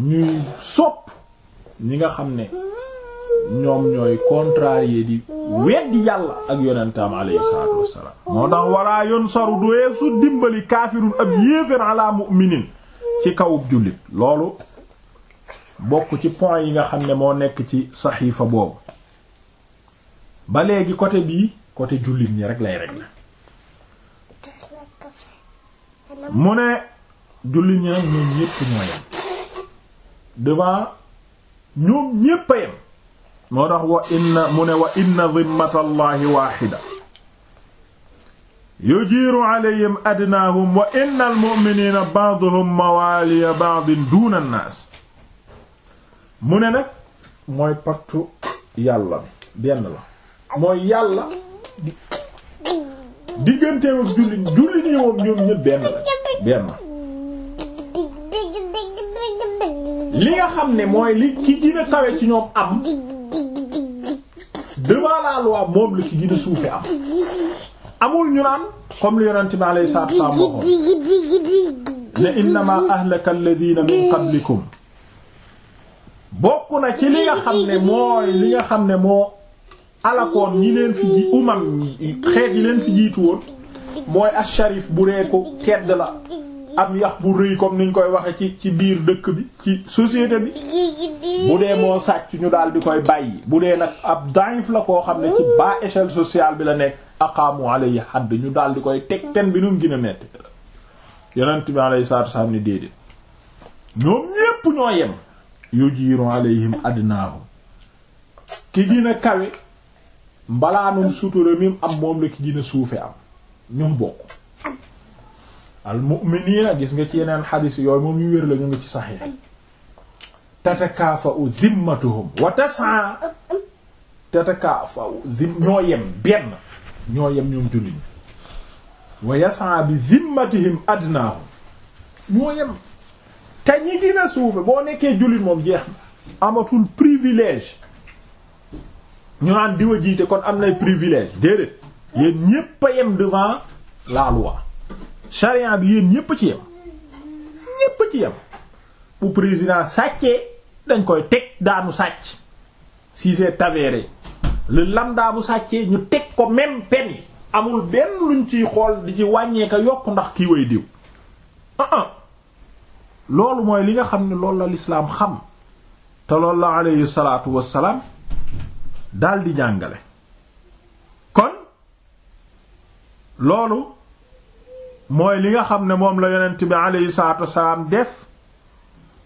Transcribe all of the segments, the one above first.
ñuy sopp ñi nga xam ne ñoom ñooy contrarier di weddi yàlla ak yonentam alayhi salaatu wassalaam moo tax walaa yunsaru doyee su dimbali kaafirun ab yéefér ala mu'minin ci kawub jullit loolu bokk ci point yi nga xam ne moo nekk ci saxiifa boobu ba léegi côté bii côté jullit ñi rek lay rek la mu ne jullit ñi nag ñoom ñépp ñoo yem devant ñoom ñépp a yem moo tax wa inna mu ne wa inna dimmata allahi waaxida yujiiru alayhim adnaahum wa inna almuminina baaduhum mawaaliya baadin duna annaas mu ne nag mooy paktu yàlla bi benn la mooy yàlla digganteem ak julli julli nii moom ñoom ñépp benn la benn li nga xam ne mooy li ki gën kawe ci ñoom am devant la loi moom la ki gën a suufe am amul ñu naan comme li yonente bi alayhi salaatu wassalaam waxoon ne innama ahlaka bokk na ci li nga xam ne mooy li nga xam ne moo alakoon ñi leen fi umam xeet yi leen fi jiitu woon mooy asharif bu reeku tedd la am yax bu rëy comme niñ koy waxee ci ci biir dëkk bi ci société bi bu dee moo sàcc ñu daal koy bàyyi bu dee nag ab daif la koo xam ne ci bas échelle sociale bi la nekk aqaamu alayhi hadd ñu daal di koy teg ten bi nu mu gën a metti yonent bi alayhi salaatu wassalaam ni déedéet ñoom ñépp ñoo yem yujiiru alayhim adnaahum ki gën a kawe mbalaanum sutura am moom la ki gën a suufe am ñoom bokk al mu'minina gis nga ci yeneen xadis yooyu moom ñu wér la ñu ngi ci saxiix tatakaafa'u zimmatuhum wa tas'a tatakaafa'u zim ñoo yem benn ñoo yem ñoom jullit wa yas'a bi zimmatihim adnaahum ñoo yem te ñi dina suufe boo nekkee jullit moom jeex na amatul privilège ñu naan diwa jiite kon am nay privilège déedéet yéen ñépp a yem devant la loi charia bi yéen ñépp ci yem ñépp ci yem bu président sàccee dañ koy teg daanu sàcc si c'est avéré le lambda sàccee ñu teg ko même peine amul benn luñ ciy xool di ci wàññee yokk ndax kii way diw ah, ah. loolu mooy li nga xam ni loolu la lislaam xam te loolu la alayhi salaatu wassalaam daal di jàngale kon loolu mooy li nga xam ne moom la yonent bi aleyhi salaatu wasalaam def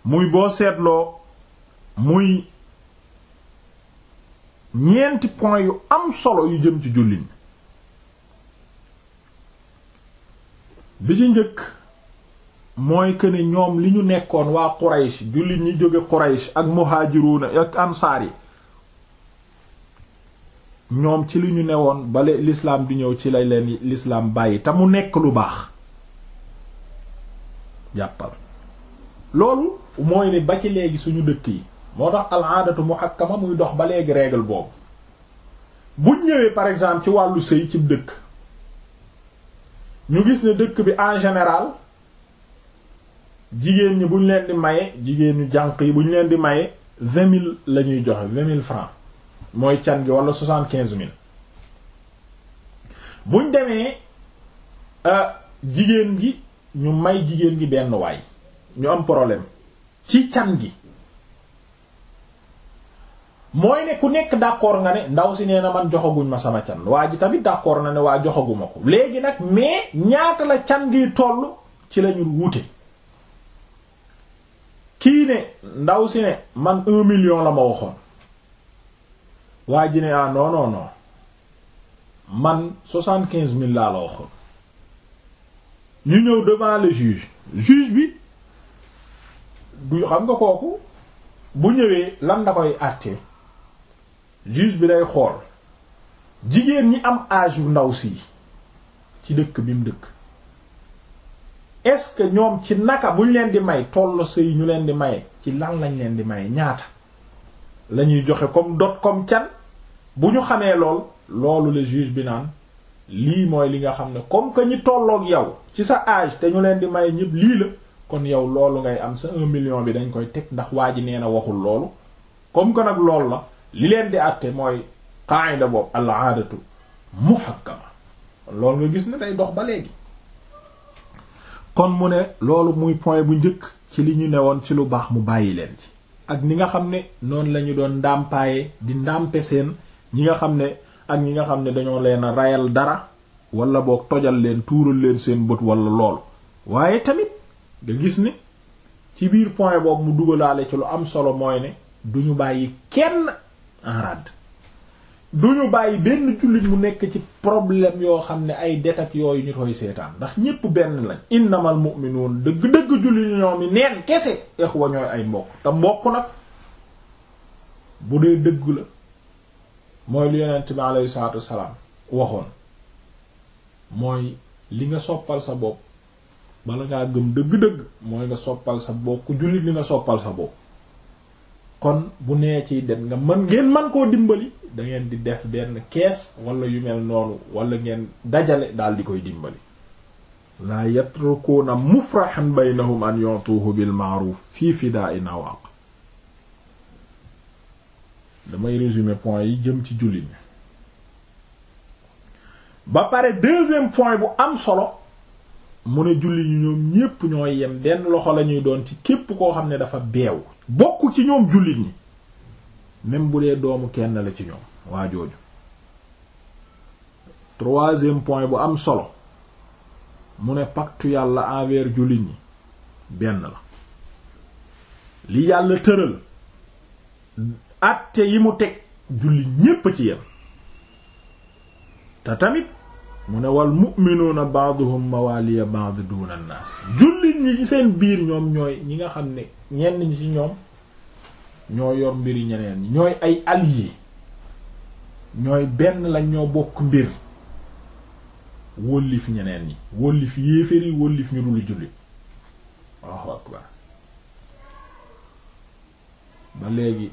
muy boo seetloo muy ñeenti point yu am solo yu jëm ci jullit bi ci njëkk mooy que ne ñoom li ñu nekkoon waa Quraysh jullit ñi jóge Quraysh ak muhaajiruuna ak ansaar yi ñoom ci li ñu newoon bale lislaam di ñëw ci la leen lislaam bàyyi te mu nekk lu baax jàppal loolu mooy ne ba ci léegi suñu dëkk yi moo tax al-aadatu muhakkama muy dox ba léegi règle boobu buñ ñëwee par exemple ci wàllu sëy ci dëkk ñu gis ne dëkk bi en général jigéen ñi buñ leen di maye jigéen ñu jànq yi buñ leen di maye vingt mille la ñuy joxe vingt mille francs mooy can gi wala soixante-quinze mille buñ demee euh, jigéen gi ñu may jigéen gi benn waay ñu am problème ci can gi mooy ne ku nekk d'accord nga ne ndaw si nee na man joxaguñ ma sama can waa ji tamit d'accord na ne waa joxaguma ko léegi nag mais ñaata la can gi toll ci lañu wute kii ne ndaw si ne man un million la ma waxoon waa ji ne ah non man soixante-quinze mille laa la waxoon ñu ñëw devant le juge bi du xam nga kooku bu ñëwee lan da koy àttee juge bi day xool jigéen ñi am âge yu ndaw si ci dëkk bi mu dëkk est-ce que ñoom ci naka buñ leen di may tollu sëy ñu leen di may ci lan lañ leen di may ñaata la ñuy joxe comme dot comme can bu ñu xamee lool loolu les juge bi naan lii mooy li nga xam ne comme que ñi tolloog yow ci sa âge te ñu leen di may ñëpp lii la kon yow loolu ngay am sa un million bi dañ koy teg ndax waa ji nee na waxul loolu comme que nag loolu la li leen di àtte mooy qaida boobu al aadatu muhakkama loolu nga gis ne day dox ba léegi kon mu ne loolu muy point bu njëkk ci li ñu ne woon ci lu baax mu bàyyi leen ci ak ni nga xam ne noonu lañu doon ndàmpaaye di ndàmpe seen ñi nga xam ne ak ñi nga xam ne dañoo leen a rayal dara wala boog tojal leen tuural leen seen bët wala lool waaye tamit nga gis ne ci biir point boobu mu dugalaale ci lu am solo mooy ne du bàyyi kenn en rade bàyyi benn jullit mu nekk ci problème yoo xam ne ay detak yooyu ñu koy seetaan ndax ñépp benn lañ innamal mu'minuun dëgg-dëgg jullit ñoom yi neen kese exwa ñooy ay mbokk te mbokk nag bu dee dëgg la mooy lu yonent bi alayhi salaatu wasalaam waxoon mooy li nga soppal sa bopp bala ngaa gëm dëgg-dëgg mooy nga soppal sa bopp ku jullit soppal sa bopp kon bu nee ci dem nga mën ngeen man koo dimbali dangeen di def benn kees walla yu mel noonu walla ngeen dajale daal di koy dimbali laa yatrukuuna mufrahan baynahum an yutuuhu bil ma'ruf fii fidaa'in awaq damay résumer point yi jëm ci julli mi ba pare deuxième point bu am solo mu ne julli ñu ñoom ñépp ñooy yem benn loxo lañuy doon ci képp koo xam ne dafa beew bokk ci ñoom jullit ñi même bu dee doomu kenn la ci ñoom waa jooju troisième point bu am solo mu ne pactu yàlla envers jullit ñi benn la li yàlla tëral atte yi mu teg julli ñépp ci yem te tamit mu ne wal mu'minuuna ba'duhum mawaliya ba'd duna naas jullit ñi ci seen biir ñoom ñooy ñi nga xam ne ñenn ñi ci ñoom ñoo yor mbiri ñeneen ñi ñooy ay alliés ñooy benn lañ ñoo bokk mbir wóllif ñeneen ñi wóllif yéeféer yi wóllif ñu dul jullit waaw léegi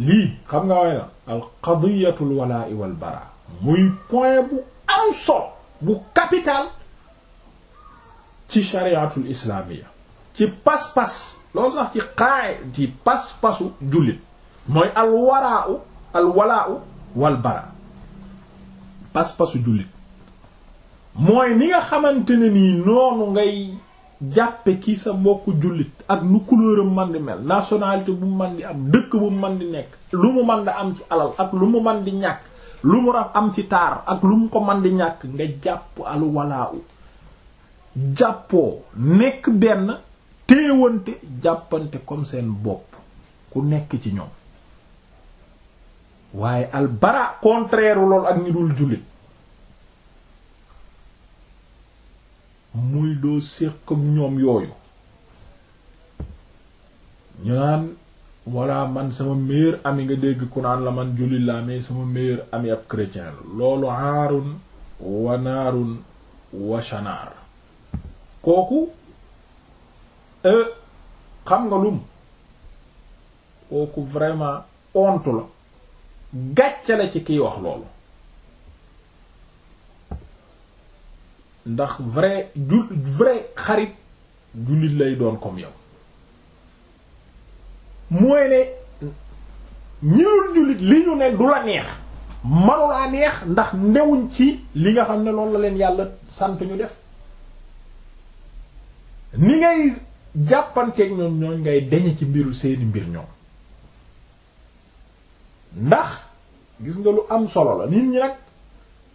lii xam nga way na al qadiyatul walaa'i wal bara muy point bu am bu capital ci shari'atul islamiyya ci pas-pas loolu sax ci xaay ci pas-pasu jullit mooy al waraa'u wal bara pas-pasu jullit mooy ni nga xamante ne nii noonu ngay jàppe ki sa mbokku jullit ak nu couleur am man mel nationalité bu mu man am dëkk bu mu man di nekk lu mu man am ci alal ak lu mu man ñàkk lu mu raf am ci taar ak lu mu ko man di ñàkk nga jàpp alwalaa u jàppoo nekk benn téewante jàppante comme seen bopp ku nekk ci ñoom waaye albara contraire lool ak ñi dul jullit muy doo séq ak ñoom yooyu ñu naan walla man sama meilleur ami nga dégg ku naan la man jullit laa mais sama meilleur ami ab chrétien la loolu aarun wanaarun washanaar kooku e, xam nga lum kooku vraiment honte la gàcce la ci kiy wax loolu ndax vrai jul vrai xarit jullit lay doon comme yow mooy ne ñëwul jullit li ñu ne du la neex manulaa neex ndax newuñ ci li nga xam ne loolu la leen yàlla sant ñu def ni ngay jàppanteeg ñoom ñooñ ngay deñe ci mbiru seeni mbir ñoom ndax gis nga lu am solo la nit ñi nag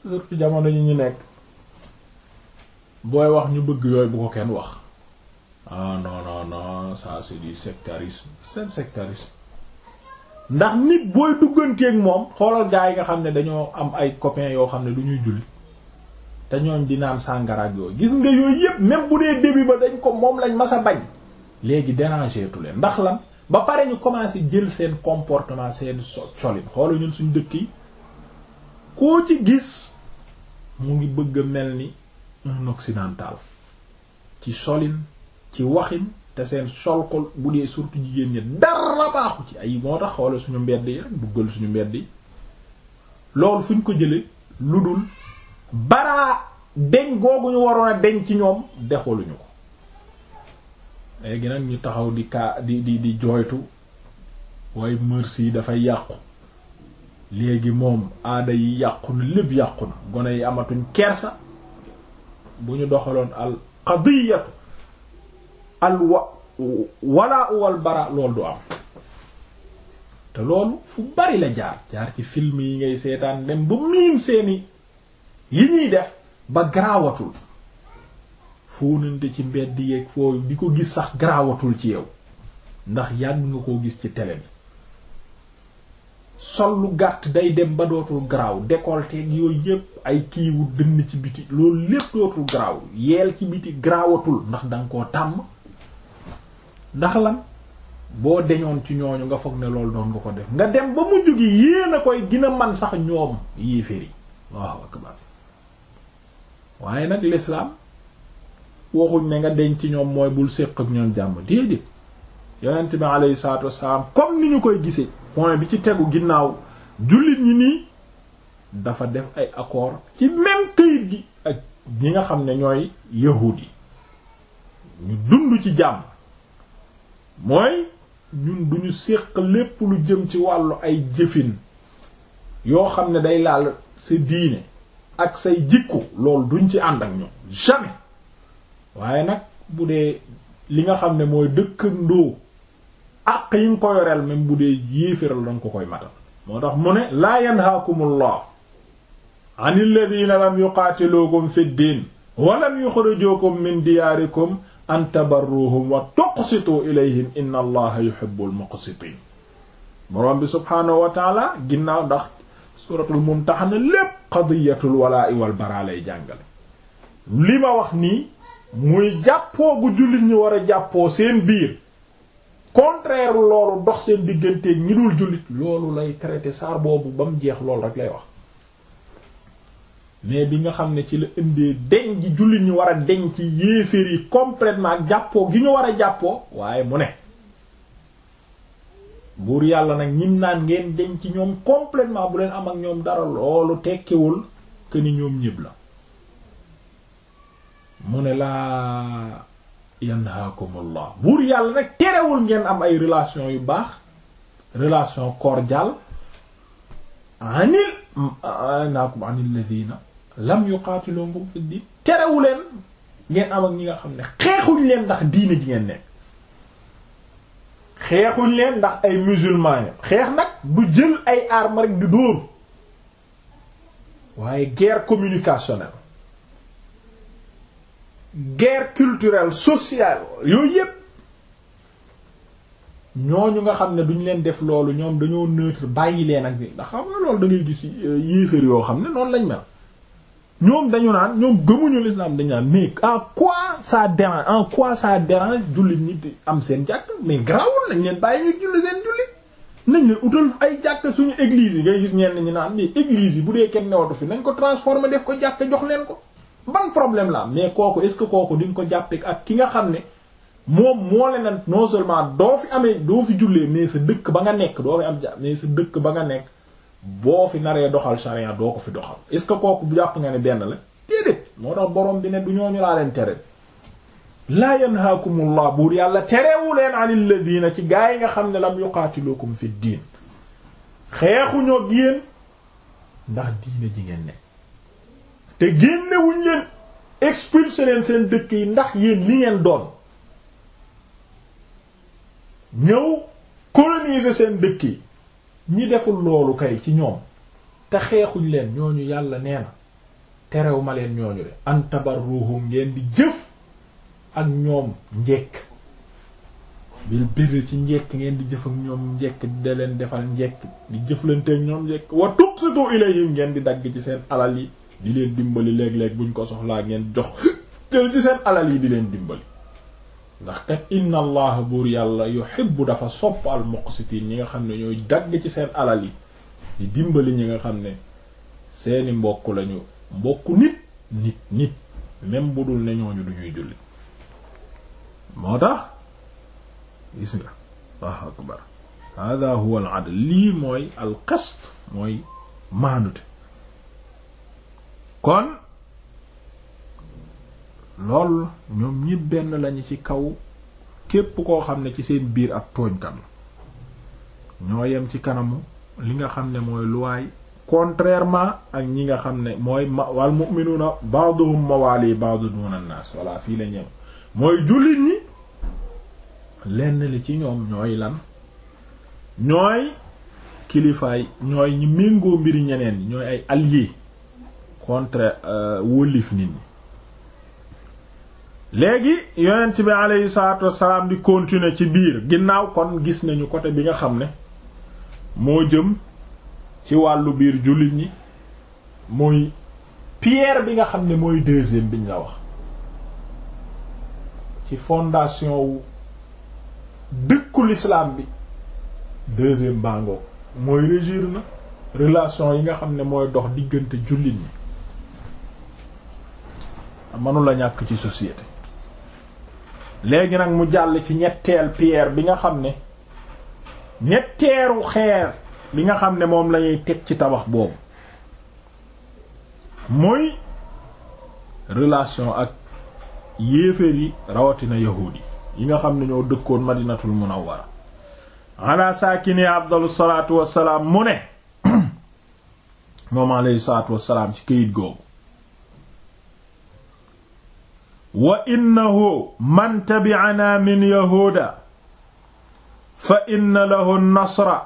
surtout jamono yi ñu nekk booy wax ñu bëgg yooyu bu ko kenn wax ah non non non ça c'est seen sectarisme ndax nit booy dugganteeg moom xoolal gaa yi nga xam ne dañoo am ay copains yoo xam ne du ñuy julli te ñooñ di naan sàngaraak yooyu gis nga yooyu yépp même bu dee début ba dañ ko moom lañ mas a bañ léegi déranger leen ndax lan ba pare ñu commencé jël seen comportement seen so colin xoolal ñun suñ dëkk yi koo ci gis mu ngi bëgg a mel ni un occidental ci solin ci waxin te seen sol ko bu dee surtout jigéen ñi dara baaxu ci ay moo tax xoolal suñu mbedd yi gël suñu mbedd yi loolu fuñ ko jële lu dul baraa deñ googu ñu waroon deñ ci ñoom dexaluñu ko léegi nag ñu taxaw di kaa di di di jooytu waaye mœurs yi dafay yàqu léegi moom aada yi yàqu na lépp yàqu na gone yi amatuñ kersa bu ñu doxaloon al qadiyatu al wa walaa wal bara loolu du am te loolu fu bari la jaar jaar ci film yi ngay seetaan dem ba miim seeni yi ñuy def ba garaawatul fóonante ci mbedd yeeg foo di ko gis sax garaawatul ci yow ndax yàgg nga koo gis ci télé bi sol lu gàtt day dem ba dootul garaaw décolleté yooyu yépp ay kiiwu dënn ci biti loolu lépp dootul garaaw yeel ci biti garaawatul ndax danga koo tàmm ndax lan boo deñoon ci ñooñu nga foog ne loolu doon nga ko def nga dem ba mujj gi yéen koy gën a man sax ñoom yi waaw akbar waaye nag l'islam waxuñ ne nga deñ ci ñoom mooy bul séq ak ñoom jàmm déedéet yonent bi alayhi comme ni ñu koy gisee point bi ci tegu ginnaaw jullit ñi nii dafa def ay accord ci même këyit gi ak ñi nga xam ne ñooy yahuud yi ñu dund ci jàmm mooy ñun duñu siq lépp lu jëm ci wàllu ay jëfin yoo xam ne day laal si diine ak say jikko loolu duñ ci ànd ak ñoom jamais waaye nag bu dee li nga xam ne mooy dëkkandoo àq yi nga ko yoreel koy matal moo tax mu ne laa yanhaakumullah an alladina lam yuqaatiluukum fi ddin wa lam min diyaarikum an tabarruuhum wa tuqsituu ilayhim inna allaha yuhibbul muqsitiin boroom bi subhaanahu wa taala ginnaaw ndax suuratul mumtaxana lépp qadiyatul walaa'i wal baraa jàngale li ma wax nii muy jàppoo jullit ñi war a jàppoo seen biir contraire loolu dox seen diggante ñi dul jullit loolu lay traité saar boobu ba mu jeex loolu rek lay wax mais bi nga xam ne ci la indee deñ ji jullit ñi war a deñ ci yéeféer yi complètement ak jàppoo gi ñu war a jàppoo waaye mu ne buur yàlla nag ñim naan ngeen deñ ci ñoom completement bu leen am ak ñoom dara loolu tekkewul que ni ñoom ñëpp la mu ne laa yanhaakumullah buur yàlla nag terewul ngeen am ay relation yu baax relation cordiale anil naakum anil ladina lam yuqaatilukum fi diin terewuleen ngeen am ak ñi nga xam ne xeexuñ leen ndax diine ji ngeen nekk xeexuñ leen ndax ay musulman xeex nag du jël ay arma rek di dóor waaye guerre communicationnelle guerre culturelle sociale yooyu yépp ñu nga xam ne duñ leen def loolu ñoom dañoo neutre bàyyi leen ak ni ndax xam nga loolu da ngay gis euh, yéeféer yoo xam ne noonu lañ mel ñoom dañu naan ñoom gëmuñu l'islam dañu naan mais en quoi sa dérange en quoi ça dérange jullit ñi di am seen jàkk mais grawul nañ leen bàyyi ñu julli seen julli nañ leen utal ay jàkk suñu église yi ngay gis ñenn ñi naan mais église yi bu dee kenn newatu fi nañ ko transformer def ko jàkk jox leen ko ban problème la mais kooku est-ce kooku di nga ko jàppee ak ki nga xam ne moom moo le na non seulement doo fi amee doo fi jullee mais sa dëkk ba nga nekk doo fi am ja dëkk ba nga nekk boo fi naree doxal charia doo ko fi doxal est-ce que kooku bu jàpp nga ne benn la déedéet moo tax borom bi ne du ñooñu laa leen tere laa yanhaakumullah buur yàlla terewu leen an anil ladina ci gaa yi nga xam ne lam yuqaatilukum fi diin xeexuñoo yéen ndax diine ji ngeen nekk te génnewuñ leen expulsé leen seen dëkk yi ndax yéen li ngeen doon ñëw coloniser seen dëkk yi ñi deful loolu kay ci ñoom te xeexuñ leen ñooñu yàlla nee na terew ma leen ñooñu de an tabarruhum ngeen di jëf ak ñoom njekk bil birri ci njekk ngeen di jëf ak ñoom njekk da leen defal njekk di jëflante ak ñoom njekk wa tuqsitu ilayhim ngeen di dagg ci seen alal yi di leen dimbali léeg-léeg buñ ko soxlaa ngeen jox jël ci seen alal yi di leen dimbali ndax kat inna allah buur yàlla yuhibbu dafa sopp al muqsitin ñi nga xam ne ñooy dagg ci seen alal yi di dimbali ñi nga xam ne seeni mbokk lañu mbokk nit nit nit même bu dul ne ñooñu du julli moo tax gis nga allahu akbar hada huwa al lii mooy al qist mooy maanute kon lool ñoom ñi benn lañu ci kaw képp koo xam ne ci seen biir ak tooñkat la ñoo yem ci kanamu li nga xam ne mooy luwaay contrairement ak ñi nga xam ne mooy ma wal mu'minuna ba'duhum mawali ba'du duna nas fii la ñëw mooy jullit ñi lenn li ci ñoom ñooy lan ñooy kilifaay ñooy ñi méngoo mbiri ñeneen ñooy ay alliés contre euh, wëlif nit ñi léegi yonent bi aleyhi salaatu wassalaam di continuer ci biir ginnaaw kon gis nañu côté bi nga xam ne moo jëm ci wàllu biir jullit ñi mooy pierre bi nga xam ne mooy deuxième biñ la wax ci fondation wu dëkku l'islam bi deuxième bango mooy régir na relation yi nga xam ne mooy dox diggante jullit ñi mënula ñàkk ci société léegi nag mu jàll ci ñetteel pierre bi nga xam ne ñetteeru xeer bi nga xam ne moom lañuy teg ci tabax boobu mooy relation ak yéeféer yi rawatina yahuud yi yi nga xam ne ñoo dëkkoon madinatul munawwara ala saakini afdalu salaatu wassalaam mu ne moom alayhi salaatu wassalaam ci këyit googu wa innahu man tabi'anaa min yahuuda fa inna lahu nasra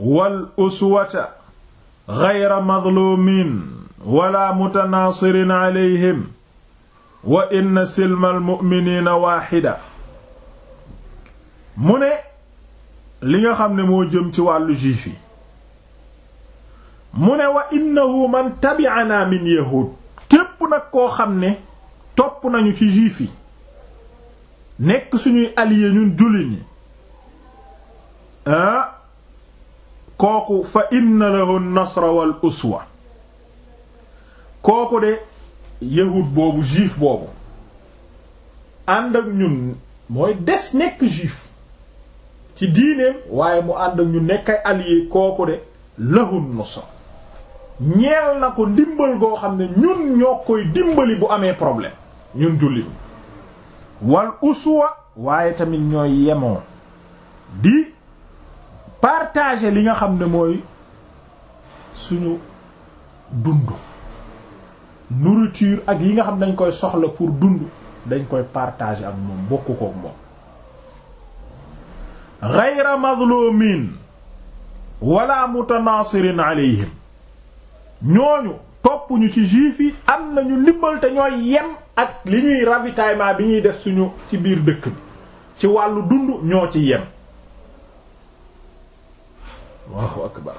wal uswata ghayra madluumin wala mutanaasirin alayhim wa inna silmal mu'miniina waaxida mu ne li nga xam ne moo jëm ci wàllu juif mu ne wa innahu man tabi'anaa min yahuud koo xam ne topp nañu ci juif yi nekk suñuy alliés ñun jullit ñi ah kooku fa inna lahu nasra wal uswa kooku de yahud boobu juif boobu ànd ak ñun mooy des nekk juif ci diineem waaye mu ànd ak ñu nekk ay alliés kooku de lahu nasra ñeel na ko dimbal goo xam ne ñun ñoo koy dimbali bu amee problème ñun jullit wal uswa waaye tamit ñooy yemoo di partager li nga xam ne mooy suñu dund nourriture ak yi nga xam ne dañ koy soxla pour dund dañ koy partager ak moom bokku kook moom ghayra mazlumin wala mutanasirin alayhim ñooñu topp ci juif yi am nañu ndimbal te ñooy yem ak li ñuy ravitaillement bi ñuy def suñu ci biir dëkk bi ci wàllu dund ñoo ci yem Allahu akbar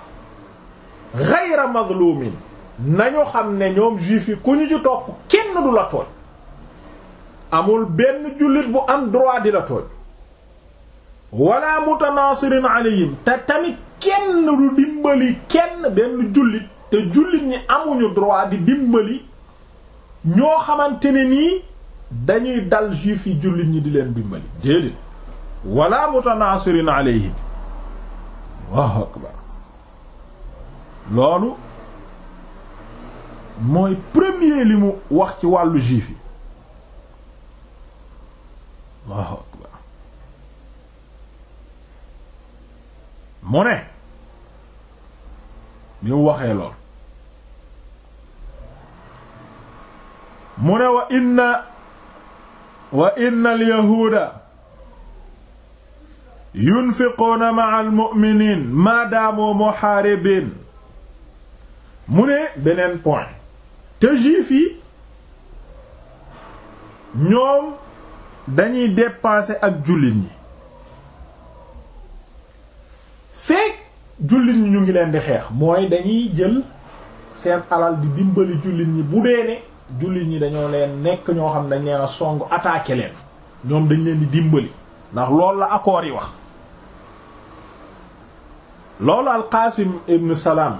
ghayra mazlumin nañu xam ne ñoom juif yi ku ñu ci topp kenn du la tooñ amul benn jullit bu am droit di la tooñ wala mutanasirin alayhim te tamit kenn du dimbali kenn benn jullit te jullit ñi amuñu droit di dimbali ñoo xamante ni nii dañuy dal juif yi jullit ñi di leen dimbali déedéet wala mutanasirin alayhim Allahu akbar loolu mooy premier li mu wax ci wàllu juif yi mu ne bi mu waxee lool mu ne wa inna wa inna alyahuuda yunfiquuna ma'a almu'miniin maadaamu muhaaribiin mu ne beneen point te juif yi ñoom dañuy dépasser ak jullit ñi jullit ñi ñu ngi leen di xeex mooy dañuy jël seen alal di dimbali jullit ñi bu dee ne jullit ñi dañoo leen nekk ñoo xam dañ leen a song attaqué leen ñoom dañ leen di dimbali ndax loolu la accords yi wax loolu alqaasim ibn salaam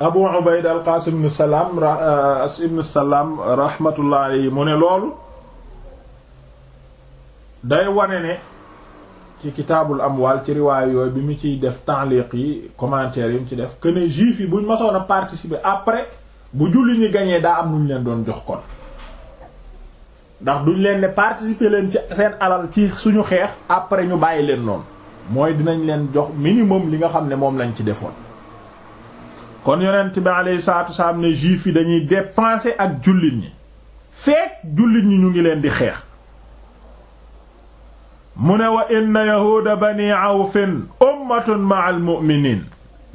abu ubayda alqaasim ibn salaam euh, ibn salaam rahmatullah alayhi mu ne loolu day wane ne ci kitaabul amwaal ci riwaay yooyu bi mu ciy def ta'liq yi commentaire yi mu ci def que ne juif yi buñ masoon a participer après bu julli ñi gañee daa am lu ñu leen doon jox kon ndax duñ leen ne participer leen ci seen alal ci suñu xeex après ñu bàyyi leen noonu mooy dinañ leen jox minimum li nga xam ne moom lañ ci defoon kon yonent bi alayhi salaatu wasalaam ne juif yi dañuy dépenser ak jullit ñi fekk jullit ñi ñu ngi leen di xeex mu ne wa inna yahuuda bani awfin ummatun ma al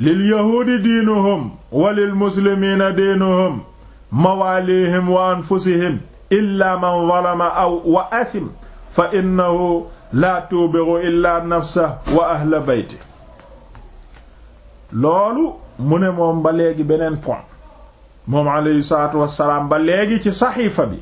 lil yahuudi diinuhum wa lil muslimiina diinuhum mawaaliihim wa anfusihim illaa man zalama aw wa asim fa innahu laa tuubiru illaa nafsa wa ahla bayti loolu mu moom ba léegi beneen point moom alayhi ci saxiifa bi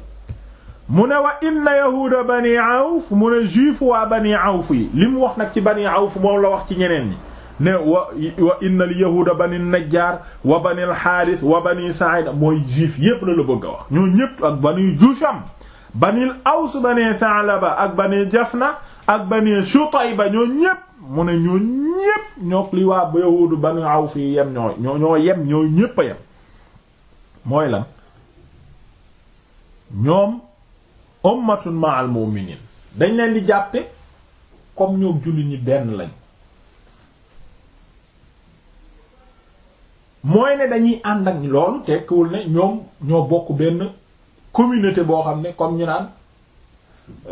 mu ne wa inna yahuuda bani awf mu ne juif waa bani awf yi li mu wax nag ci bani awf moom la wax ci ñeneen ñi ne wa wa inna li yahuuda bani najjaar wa bani alxaaris wa a wax ñoo ak bani jusham bani aws bani saalaba ak bani ñoo ñépp ñoo li waa yahuudu bani awf yi yem ñoo ñoo ñoo yem mooy lan ñoom ummatun ma'al mu'minin dañ leen di jàppe comme ñoom jullit ñi benn lañ mooy ne dañuy ànd ak loolu tekkiwul ne ñoom ñoo bokk benn communauté boo xam ne comme ñu naan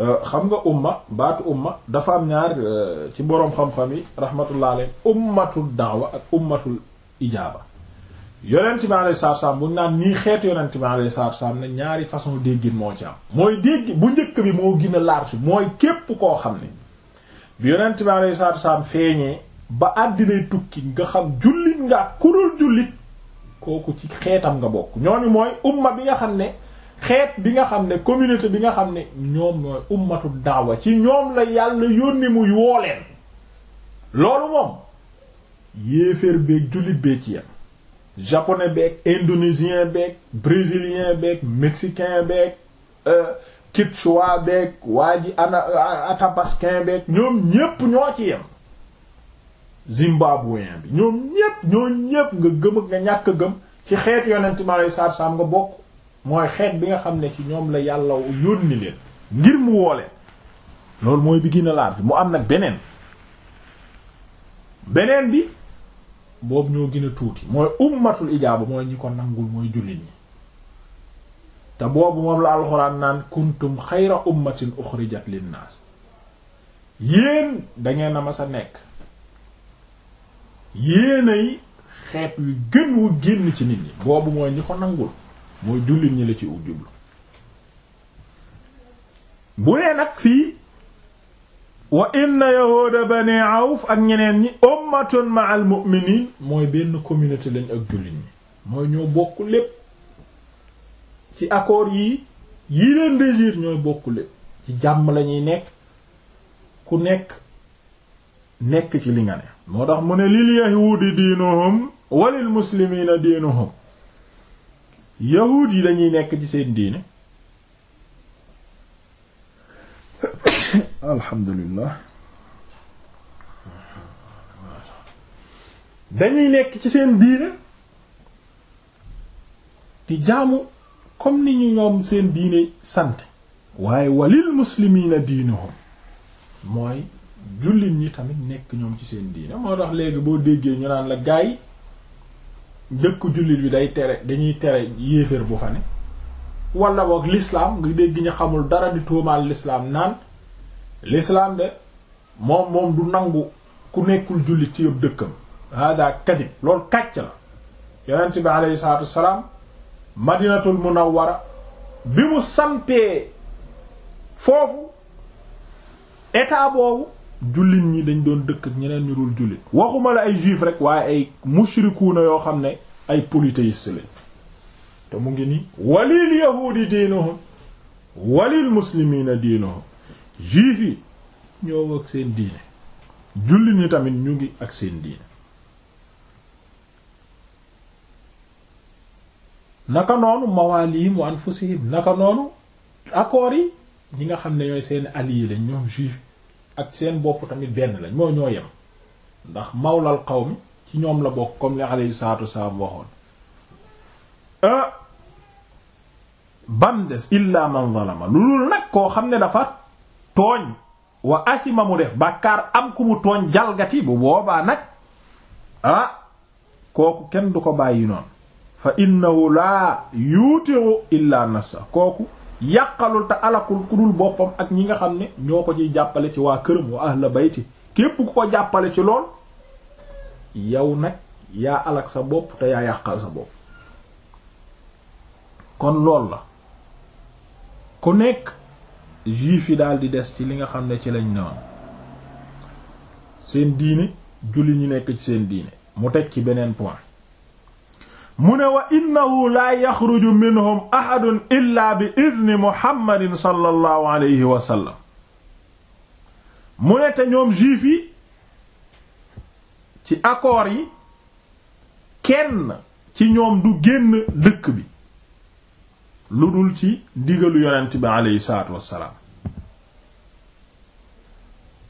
euh, xam nga umma baatu umma dafa am ñaar euh, ci boroom xam-xam yi rahmatullah alayhi ummatul da'wa ak ummatul ijaaba yonent bi alayhi salaatu salaam bu naan nii xeet yonent bi alayhi salaatu salaam ne ñaari façon déggin moo ci am mooy dégg bu njëkk bi moo gën a large mooy képp koo xam ne bi yonent bi alayhi salaatu salaam feeñee ba àddinay tukki nga xam jullit nga kurul jullit kooku ci xeetam nga bokk ñooñu mooy umma bi nga xam ne xeet bi nga xam ne communauté bi nga xam ne ñoom mooy ummatu daawa ci ñoom la yàlla yónni muy wooleen loolu moom yéeféer beeg jullit bee japonais beeg indonésien beeg brésilien beeg mexicain beeg kipchoa euh, beeg waa ji ana atapaskin beeg ñoom ñépp ñoo ci yem zimbabwéen bi ñoom ñépp ñoo ñépp nga gëm ak nga ñàkk gëm ci xeet yonent mi alei saatu salaam nga bokk mooy xeet bi nga xam ne ci ñoom la yàlla yónni leen ngir mu woole loolu mooy bi gën a laar mu am nag beneen beneen bi boobu ñoo gën tuuti mooy ummatul ijaaba mooy ñi ko nangul mooy jullit ñi te boobu moom la alxuraan naan kuntum xayra ummatin uxrijat linnaas yéen dangeen a mas a nekk yéenay xeet wi gën wu génn ci nit ñi boobu mooy ñi ko nangul mooy jullit ñi la ci u jublu bu nee nag fii wa inna yahuuda bani awf ak ñeneen ñi ummatun ma'al mu'minin mooy benn communauté lañ ak jullit ñi mooy ñoo bokk lépp ci accords yi yi leen régir ñooy bokk lépp ci jàmm lañuy nekk ku nekk nekk ci li nga ne moo tax mu ne lil yahuudi diinuhum walil muslimiina diinuhum yahuud yi dañuy nekk ci seen diine alhamdulillah dañuy nekk ci seen diine di jaamu comme ni ñu ñoom seen diine sant waaye walil muslimiina diinuhum mooy jullit ñi tamit nekk ñoom ci seen diine moo tax léegi boo déggee ñu naan la gaay dëkk jullit bi day tere dañuy tere yéeféer bu fa ne wala boog l'islam nga dégg ñu xamul dara di tuumaal lislaam naan l'islam de moom moom du nangu ku nekkul jullit ci yëpp dëkkam hada kadib loolu kàcc la yonent bi aleyhi salaatu madinatul munawwara bi mu sampee foofu état boobu jullit ñi dañ doon dëkk ak ñeneen ñu dul jullit waxuma la ay juif rek waaye ay mushrikuuna yoo xam ne ay polythéistes lañ mu ngi nii walil yahuudi diinuhum juif yi ñoo ak seen diine jullit ñi tamit ñu ngi ak seen diine naka noonu mawaalihim wa anfusihim naka noonu accords yi ñi nga xam ne ñooy seen alliés lañ ñoom juif ak seen bopp tamit benn lañ moo ñoo yem ndax mawlal qawmi ci ñoom la bokk comme li alayhi salaatu wassalaam waxoon euh, bam des illa man zalama lu lul nag koo xam ne dafa tooñ wa asima mu def bàkkaar am ku mu tooñ jalgati bu boobaa nag ah kooku kenn du ko bàyyi noonu fa innawu laa yuutewu illa nafsa kooku yàqalul te alakul ku dul boppam ak ñi nga xam ne ñoo ko ciy jàppale ci waa këram wa bay bayti képp ku ko jàppale ci lool yow nag yaa alak sa bopp te yaa yàqal sa bopp kon lool la ku nekk juif yi daal di des ci li nga xam ne ci lañ newoon seen diine ñu nekk ci seen diine mu teg ci beneen point mu ne wa innahu laa yaxruju minhum ahadun illa bi idni muhammadin sallallahu alayhi wa mu ne te ñoom juif yi ci accord yi kenn ci ñoom du génn dëkk bi lu dul ci digalu yonent bi aleyhi salaatu wassalaam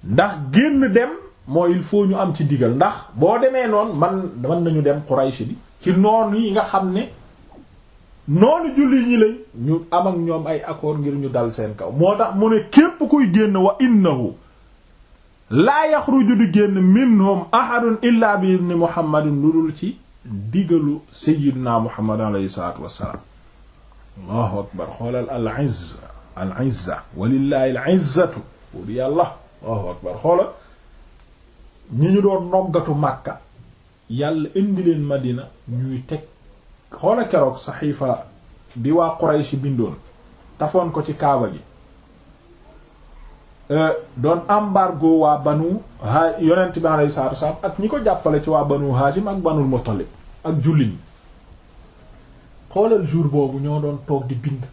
ndax génn dem mooy il faut ñu am ci digal ndax boo demee noonu man mën nañu dem Quraysh bi ci noonu yi nga xam ne noonu julli ñi lañ ñu am ak ñoom ay accord ngir ñu dal seen kaw moo tax mu ne képp kuy génn wa innahu laa yaxruju di génn minhum ahadun illa bi idni muhammadin lu dul ci digalu sayyidina muhammad aleyhi salaatu wassalaam allahu akbar xoolal al izza yàlla allahu akbar xoolal ñi ñu doon noggatu màkka yàlla indi madina ñuy teg xoola keroog saxiifa bi waa Quraysh bindoon tafoon ko ci kaaba gi euh, doon embargo waa banu ha yonent bi alayhi salaatu wasalaam ak ñi ko jàppale ci waa banu Haashim ak banul Muttalib ak jullit ñi xoolal jour boobu ñoo doon toog di bind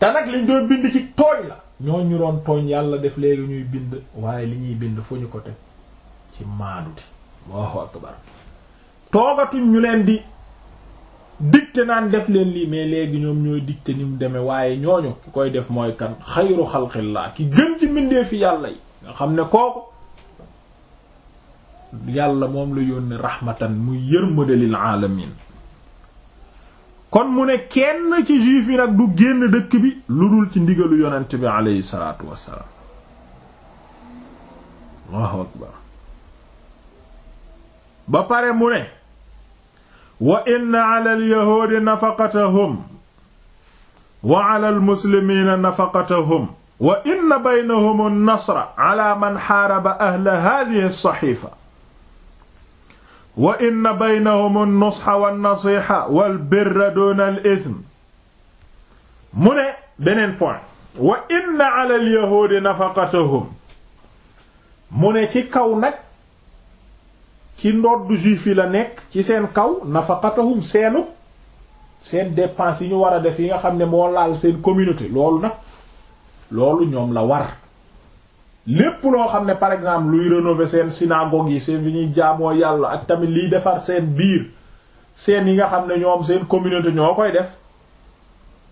te nag liñ doon bind ci tooñ la ñoo ñu doon tooñ yàlla def léegi ñuy bind waaye li ñuy bind fu ñu ko teg ci maaduti Allahu akbar toogatuñ ñu leen di dicté naan def leen lii mais léegi ñoom ñooy dicté ni mu demee waaye ñooñu ki koy def mooy kan xayru xalqillaa ki gën ci mbindee fi yàlla yi nga xam ne kooku yàlla moom la yónni rahmatan muy yërmande lil kon mu ne kenn ci juif du génn dëkk bi lu dul ci ndigalu yonent bi aleyhi salaatu wassalaam Allahu ba pare mu wa inna ala alyahuudi nafaqatahum wa ala almuslimiina nafaqatahum wa inna baynahum an-nasra ala man xaaraba ahla haadihi as-saxiifa wa inna baynahum an-nusha wan-nasiha wal birra duna mu ne beneen point wa inna ala yahuudi nafaqatahum mu ne ci kaw nag ci ndoddu juif yi la nekk ci seen kaw nafaqatahum seenu seen dépense yi ñu war a def yi nga xam ne moo laal seen communauté loolu na loolu ñoom la war lépp loo xam ne par exemple luy rénover seen synagogue yi seen fi ñuy jaamoo yàlla ak tamit liy defar seen biir seen yi nga xam ne ñoom seen communauté ñoo koy def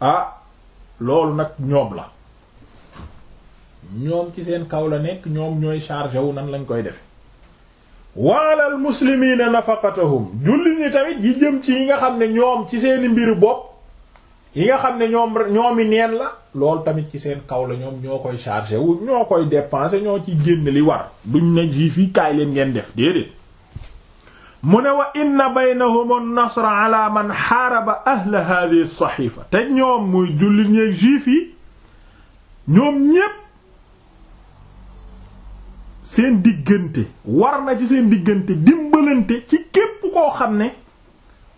ah loolu nag ñoom la ñoom ci seen kaw la nekk ñoom ñooy chargé wu nan lañ koy defe waalal muslimiina nafaqatahum jullit ñi tamit yi jëm ci yi nga xam ne ñoom ci seeni mbiru bopp yi nga xam ne ñoom ñoomi neen la loolu tamit ci seen kaw la ñoom ñoo koy chargé wu ñoo koy dépensé ñoo ci génn li war duñ ne juif yi kaay leen ngeen def déedéet mu ne wa inna baynahum an-nasra ala man xaaraba ahla hadhihi as te ñoom muy jullit ñeeg juif yi ñoom ñépp seen diggante war na ci seen diggante dimbalante ci képp koo xam ne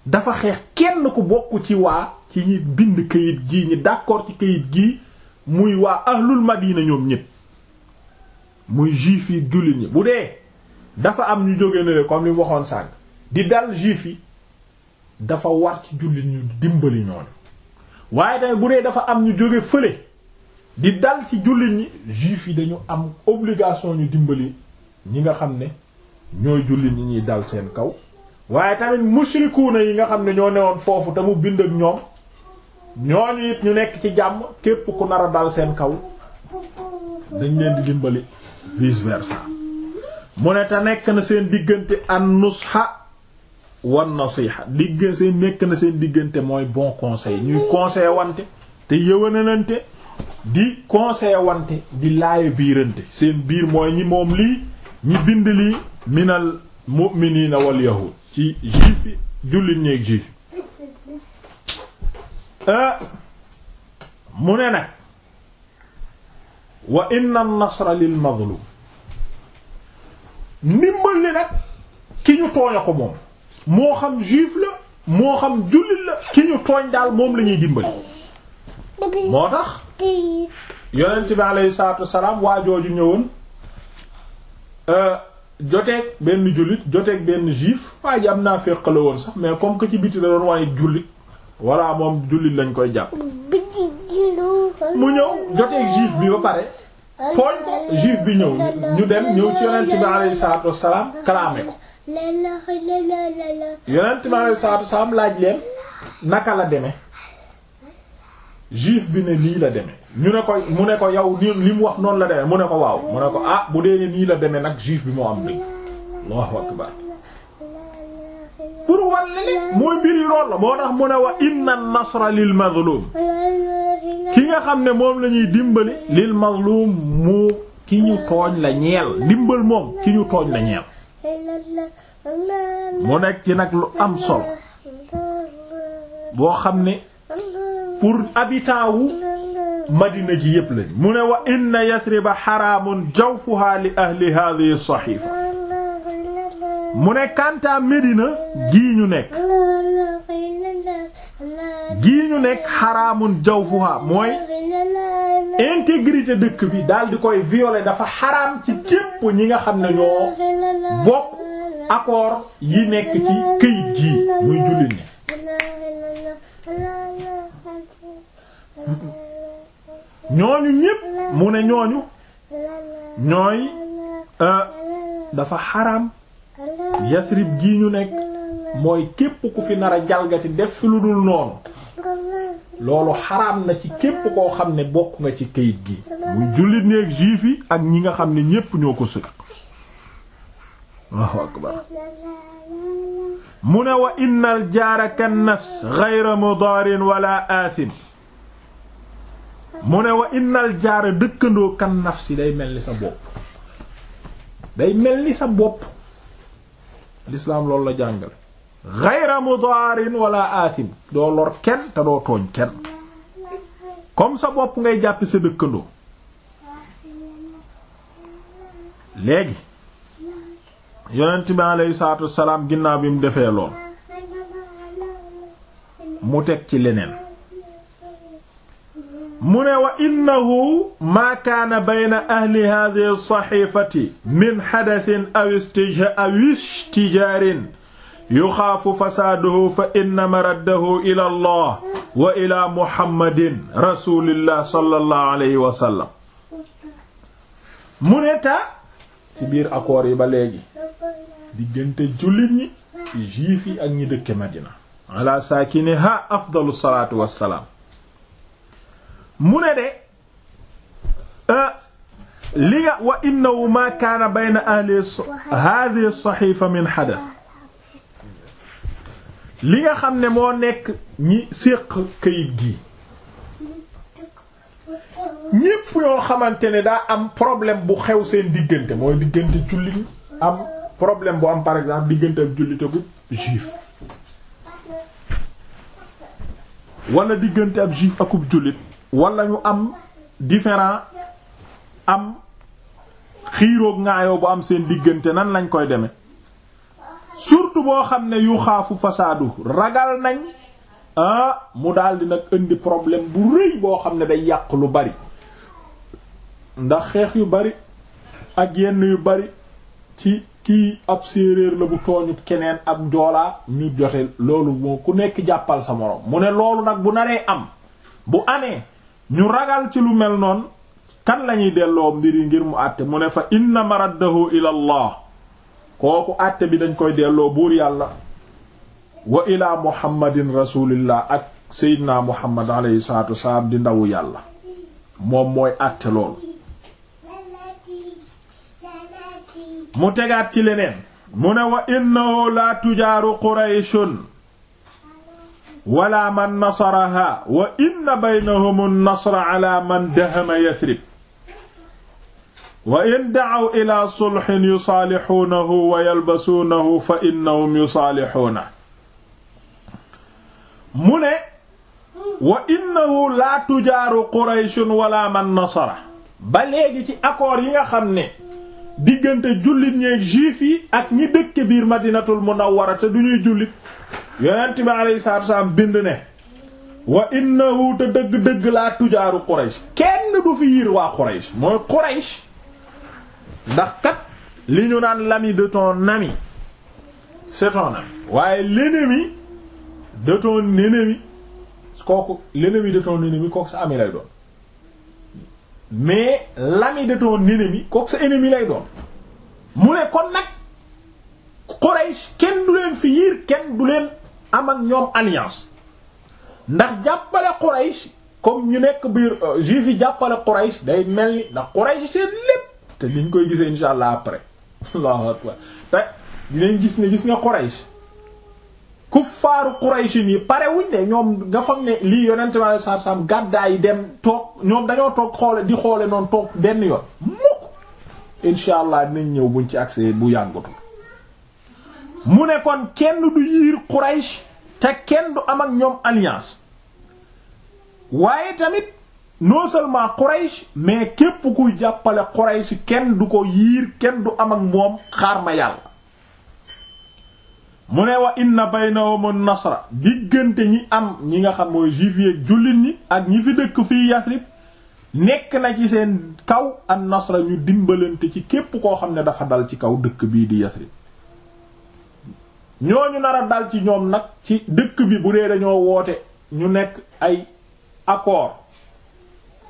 dafa xeex kenn ku bokk ci waa ci ñi bind kayit gii ñi d'accord ci kayit gii muy waa ahlul madina ñoom ñëpp muy juif yi jullit ñi bu dee dafa am ñu jóge ne comme li waxoon sànq di dal juif yi dafa war ci jullit ñu dimbali ñoon waaye tamit bu dee dafa am ñu jóge fële di dal ci jullit ñi juif yi dañu am obligation ñu dimbali ñi nga xam ne ñooy jullit ñi ñuy dal seen kaw waaye tamit mushrikuuna yi nga xam ne ñoo newoon foofu te mu bind ak ñoom ñooñu it ñu nekk ci jàmm képp ku nar dal seen kaw dañ leen di dimbali vice mu ne te nekk na seen diggante an nusha wan nasiha digg seen nekk na seen diggante mooy bon conseil ñuy conseil wante te yëwanalante di conseil wante di laayo biirante seen biir mooy ñi moom lii ñi bind lii minal mu'minina wal yahud ci juif yi jullit ñeek juif Ah, mu ne nag wa inna an-nasra lil mazlum ndimbal li nag ki ñu tooñ a ko moom moo xam juif la moo xam jullit la ki ñu tooñ daal moom la ñuy dimbali moo tax yonent bi aleyhi salaatu wasalaam waa jooju ñëwoon ah, joteeg benn jullit joteeg benn juif waa ji am naa féq la woon sax mais comme que ci biti da doon waaye jullit walla moom jullit lañ koy jàpp mu ñëw joteeg juif bi ba pare tooñ juif bi ñëw ñu dem ñëw ci yonent bi alayhi salaatu wassalaam kalaame ko yonent bi alayhi salaatu wassalaam laaj leen naka la deme juif bi ne lii la deme ñu ne ko mu ne ko yow ni li mu wax noonu la deme mu ne ko waaw mu ne ko ah bu dee nii la deme nag juif bi moo am dëgg Allahu akbar pour wàll ne la moo tax mu ne wa inna nasra lil mazlum ki nga xam ne moom la ñuy dimbali lil mazlum mu ki ñu la dimbal moom ki ñu tooñ la nekk ci nag lu am solo boo xam ne pour habitant wu madina gi yépp lañ mu ne wa inna yasriba xaraamun jawfuha li ahli hadhihi saxifa mu ne Kanta Medina gii ñu nekk gii ñu nekk xaraamun jawfuha mooy intégrité dëkk bi daal di koy violer dafa xaraam ci képp ñi nga xam ne ñoo bokk accord yi nekk ci këyit gii muy jullit ñi ñooñu ñépp mu ne ñooñu ñooy euh, dafa xaraam yasrib gii ñu nekk mooy képp ku fi nar a jalgati def fi lu dul noonu loolu xaraam na ci képp koo xam ne bokk nga ci kayit gi muy jullit neeg juif yi ak ñi nga xam ne ñépp ñoo ko sëq mu ne wa innal jaara kan nafs ghayra mudaarin wala aathim mu ne wa innal jaara dëkkandoo kan nafsi day mel ni sa bopp day mel ni sa bopp lislaam loolu la jàngal ghayra mudaarin wala aasim doo lor kenn te doo tooñ kenn comme sa bopp ngay jàpp sa dëkkandoo léegi yonent bi aleyhi salaatu ginnaaw bi mu defee lool mu teg ci leneen mu ne wa innahu maa kaana bayna ahli hadhihi saxiifati min xadathin aw istijaarin yuxaafu fasaaduhu fa innama raddahu ila allah wa ila muhammadin rasulillah sallallahu alayhi wa sallam mu ne ta ci biir accord yi ba léegi diggante jullit ñi juif yi ak ñi dëkke Madina ala saakiniha afdalu salaatu wassalaam mu ne de euh, li nga wa innahu ma kaana bayna ahli hadhihi as-sahifa min hadath li nga xam ne moo nekk ñi séq kayit gi ñépp yoo xamante ne daa am problème bu xew seen diggante mooy diggante jullit am problème bu am par exemple diggante ak jullite bu juif wala diggante ab juif akub jullit wala ñu am différent am xiiroog ngaayoo bu am seen diggante nan lañ koy deme surtout boo xam ne yu xaafu fasaadu ragal nañ ah mu daldi nag indi problème bu rëy boo xam ne day yàq lu bari ndax xeex yu bari ak yenn yu bari ci kii ab séeréer la bu tooñut keneen ab joolaa ñu joxe loolu moo ku nekk jàppal sa moroom mu ne loolu nag bu naree am bu amee ñu ragal ci lu mel noonu kan lañuy delloo mbir yi ngir mu àtte mu ne fa inna maraddahu ila allah kooku àtte bi dañ koy delloo buur yàlla wa ila muhammadin rasulillah ak seydina muhammad alayhi salatu wasalaam di ndawu yàlla moom mooy àtte loolu mu tegaat ci leneen mu ne wa innahu la tujaaru qurayshun wala man nasaraha wa inna baynahum an-nasra ala man dahama yathrib wa in daaw ila sulxin yusaalixuunahu wa yalbasuunahu fa innahum yusaalixuuna mu ne wa innahu laa tujaaru qurayshun wala man nasara ba léegi ci accord yi nga xam ne diggante jullit ñeeg juif yi ak ñi dëkk biir madinatul munawwara te du ñuy jullit yonent bi alayhi salaatu wasallam bind ne wa innahu te dëgg-dëgg laa tujaaru Quraysh kenn du fi yiir waa Quraysh mooy Quraysh ndax kat li ñu naan l'ami de ton waaye l'ennemi de ton ennemi kooku l'ennemi de ton ennemi sa ami lay doon mais l'ami de ton ennemi kooku sa ennemi lay doon mu ne kon nag Quraysh kenn du leen fi yiir kenn du leen am ak ñoom alliance ndax jàppale Quraysh comme ñu nekk biir euh, juif yi jàppale Quraysh day mel ni ndax Quraysh seen lépp te liñ koy gisee insha allah après Allahu akbar dinañ gis ne gis nga Quraysh kuffaaru Quraysh yi pare wuñ de ñoom nga foog lii yonente mi alei satu salaam dem toog ñoom dañoo toog xoole di xoole noonu toog benn yoon mukk incha allah dinañ ñëw buñ ci accès bu yàngutu mu ne kon kenn du yiir Quraysh te kenn du am ak ñoom alliance waaye tamit noo seulement Quraysh mais képp kuy jàppale Quraysh kenn du ko yiir kenn du am ak moom xaar ma yàlla mu ne wa inna baynahum nasra diggante ñi am ñi nga xam mooy juif yeek jullit ñi ak ñi fi dëkk fii Yasrib nekk na ci seen kaw an nasra ñu dimbalante ci képp koo xam ne dafa dal ci kaw dëkk bii di Yasrib ñooñu nar a dal ci ñoom nag ci dëkk bi bu dee dañoo woote ñu nekk ay accord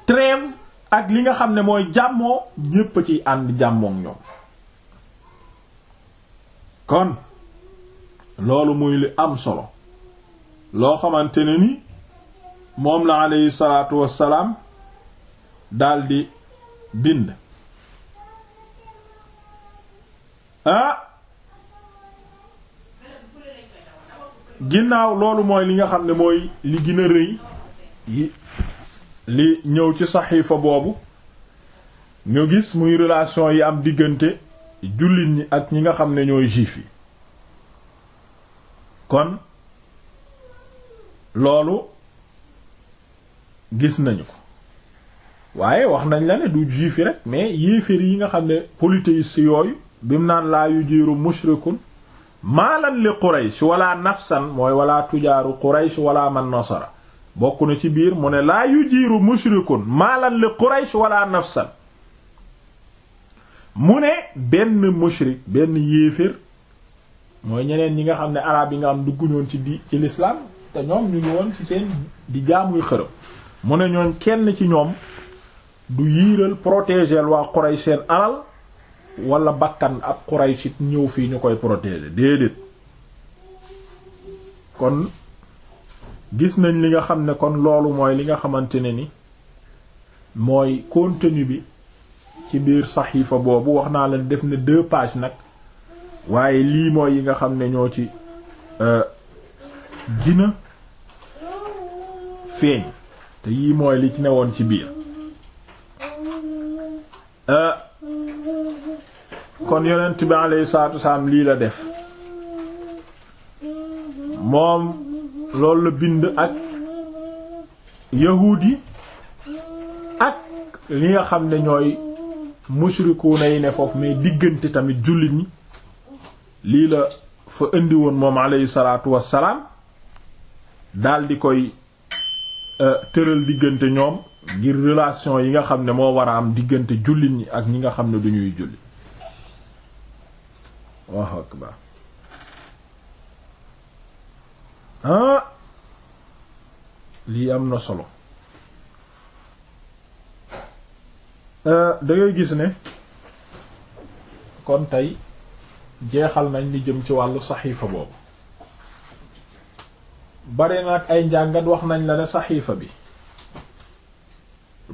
trêve ak li nga xam ne mooy jàmmoo ñépp a ciy ànd jàmmook ñoom kon loolu muy li am solo loo xamante ne ni moom la aleyhi salaatu wassalaam daldi bind ah ginnaaw loolu mooy li nga xam ne mooy li gën a rëy li ñëw ci saxiifa boobu ñu gis muy relation yi am diggante jullit ñi ak ñi nga xam ne ñooy juif yi kon loolu gis nañu ko waaye wax nañ la ne du juif yi rek mais yéeféer yi nga xam ne polythéistes yooyu bi mu naan laa yu jiiru mushrikun maalan li quraysh wala nafsan mooy wala tujaaru quraysh wala man nasara na ci biir mu ne laa yu jiiru mushrikun maalan li quraysh wala nafsan mu ne benn mushrik benn yéeféer mooy ñeneen ñi nga xam ne arab yi nga xam dugguñoon ci di ci l'islam te ñoom ñu ngi woon ci seen di jaamuy xërëm mu ne ñooñ kenn ci ñoom du yiiral protéger waa Quraysh seen alal wala bakkan ak Quraysh it ñëw fii ñu koy protéger déedéet kon gis nañ li nga xam ne kon loolu mooy li nga xamante ne ni mooy contenu bi ci biir saxiifa boobu wax naa leen def na deux pages nag waaye lii mooy yi nga xam ne ñoo ci euh, gina feeñ te yii mooy li ci newoon ci biir euh, kon yonent bi alayhi salaatu wasalaam lii la def moom loolu bind ak yahuud yi ak li nga xam ne ñooy mushrikuuna yi ne foofu mais diggante tamit jullit ñi lii la fa indi woon moom aleyhi salaatu wassalaam daal di koy euh, tëral diggante ñoom ngir relation yi nga xam ne moo war a am diggante jullit ñi ak ñi nga xam ne duñuy julli waaw akbar ah lii am na solo euh, da gis ne kon tey jeexal nañ li jëm ci wàllu saxiifa boobu bari nag ay njàngat wax nañ la ne saxiifa bi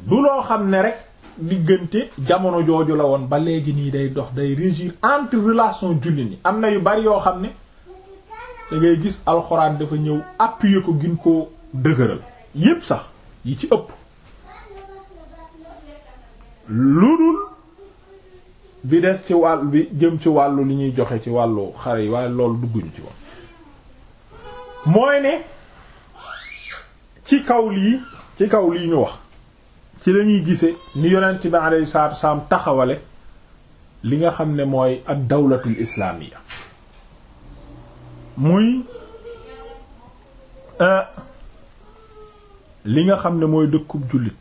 du loo xam ne rek diggante jamono jooju la woon ba léegi nii day dox day régir entre relation jullit ñi am na yu bari yoo xam ne da ngay gis alxuraan dafa ñëw yi ko gin koo dëgëral yépp sax yi ci ëpp lu dul bi des ci wàll bi jëm ci wàllu li ñuy joxe ci wàllu xare yi waaye loolu dugguñ ci woon mooy ne ci kaw lii ci kaw lii ñu wax ci la ñuy gise ni yonent bi alayhi salaatu wasalaam taxawale li nga xam ne mooy ak dawlatul islaamiya muy euh, li nga xam ne mooy dëkkub jullit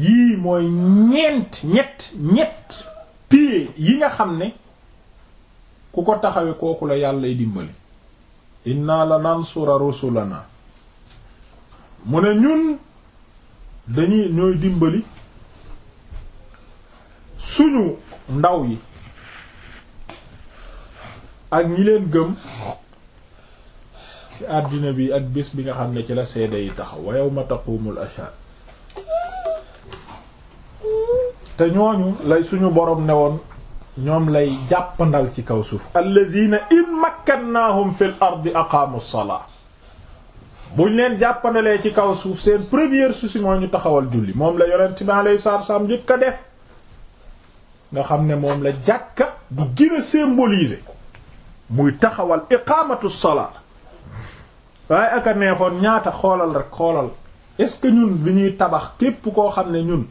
yii mooy ñeent ñett ñett piliers yi nga xam ne ku ko taxawee kooku la yàllay dimbali inna la nansura rusulana mu ne ñun dañuy ñooy dimbali suñu ndaw yi ak ñi leen gëm ci àddina bi ak bis bi nga xam ne ci la seede yi taxaw wa yawma taqumul ashhad te ñooñu lay suñu borom ne woon ñoom lay jàppandal ci kaw suuf alladina in makkannahum fil ardi aqaamu salaa buñ leen jàppandalee ci kaw suuf seen première souci mooy ñu taxawal julli moom la yonent bi alayhi salaatu salaam njëkk a def nga xam ne moom la jàkka di gën a symboliser muy taxawal iqaamatu salaa waaye ak a neexoon ñaata xoolal rek xoolal est-ce que ñun bi ñuy tabax képp koo xam ne ñun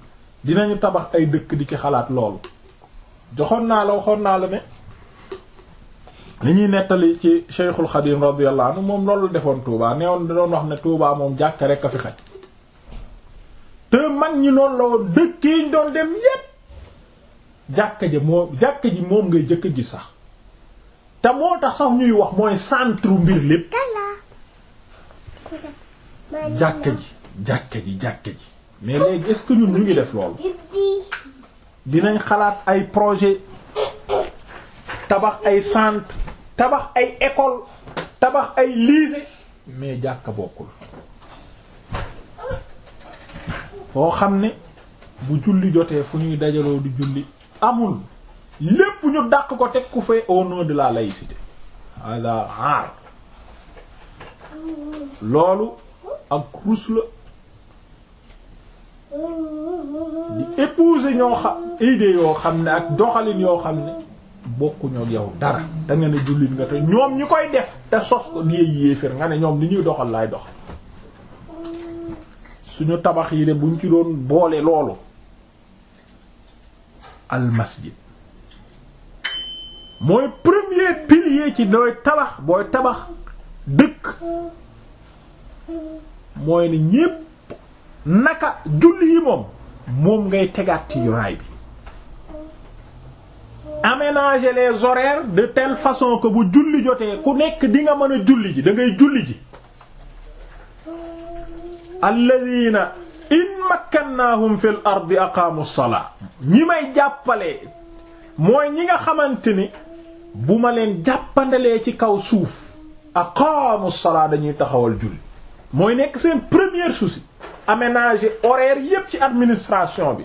dinañu tabax ay dëkk di ci xalaat loolu joxoon naa la waxoon naa la ne li ñuy nettali ci Cheikhul Khadim radiyallahu anhu moom loolu defoon Touba neewoon da doon wax ne Touba moom jàkk rek a fi xaj te mag ñi lool la woon dëkk ñu doon dem yépp jàkka ji moom jàkka ji moom ngay jëkk gi sax te moo tax sax ñuy wax mooy centre mbir lépp jàkka ji jàkka ji jàkk ji mais léegi est-ce que ñun ñu ngi def lool dinañ xalaat ay projet tabax ay sant tabax ay école tabax ay lycée mais jàkk bokkul foo xam ne bu julli jotee fu ñuy dajaloo di julli amul lépp ñu dàq ko teg ku fee au nom de la laïcité ala aar loolu ak rus épouser ñoo xam idée yoo xam ne ak doxalin yoo xam ne bokkuñoo ak yow dara danga nga ne jullit nga te ñoom ñi koy def te sos ko liy yéefir nga ne ñoom li ñuy doxal laay doxal suñu tabax yi de buñ ci doon boole loolu almasjid mooy premier pilier ci nooy tabax booy tabax dëkk mooy ni ñépp naka julli yi moom moom ngay tegaat ci raay bi aménager les horaires de telle façon que bu julli jotee ku nekk di nga mën a julli ji da ngay julli ji alladina in makkannaahum fil ardi aqaamu salaa ñi may jàppalee mooy ñi nga xamante ni bu ma leen jàppandalee ci kaw suuf aqaamu salaa dañuy taxawal julli mooy nekk seen première souci aménager horaire yépp ci administration bi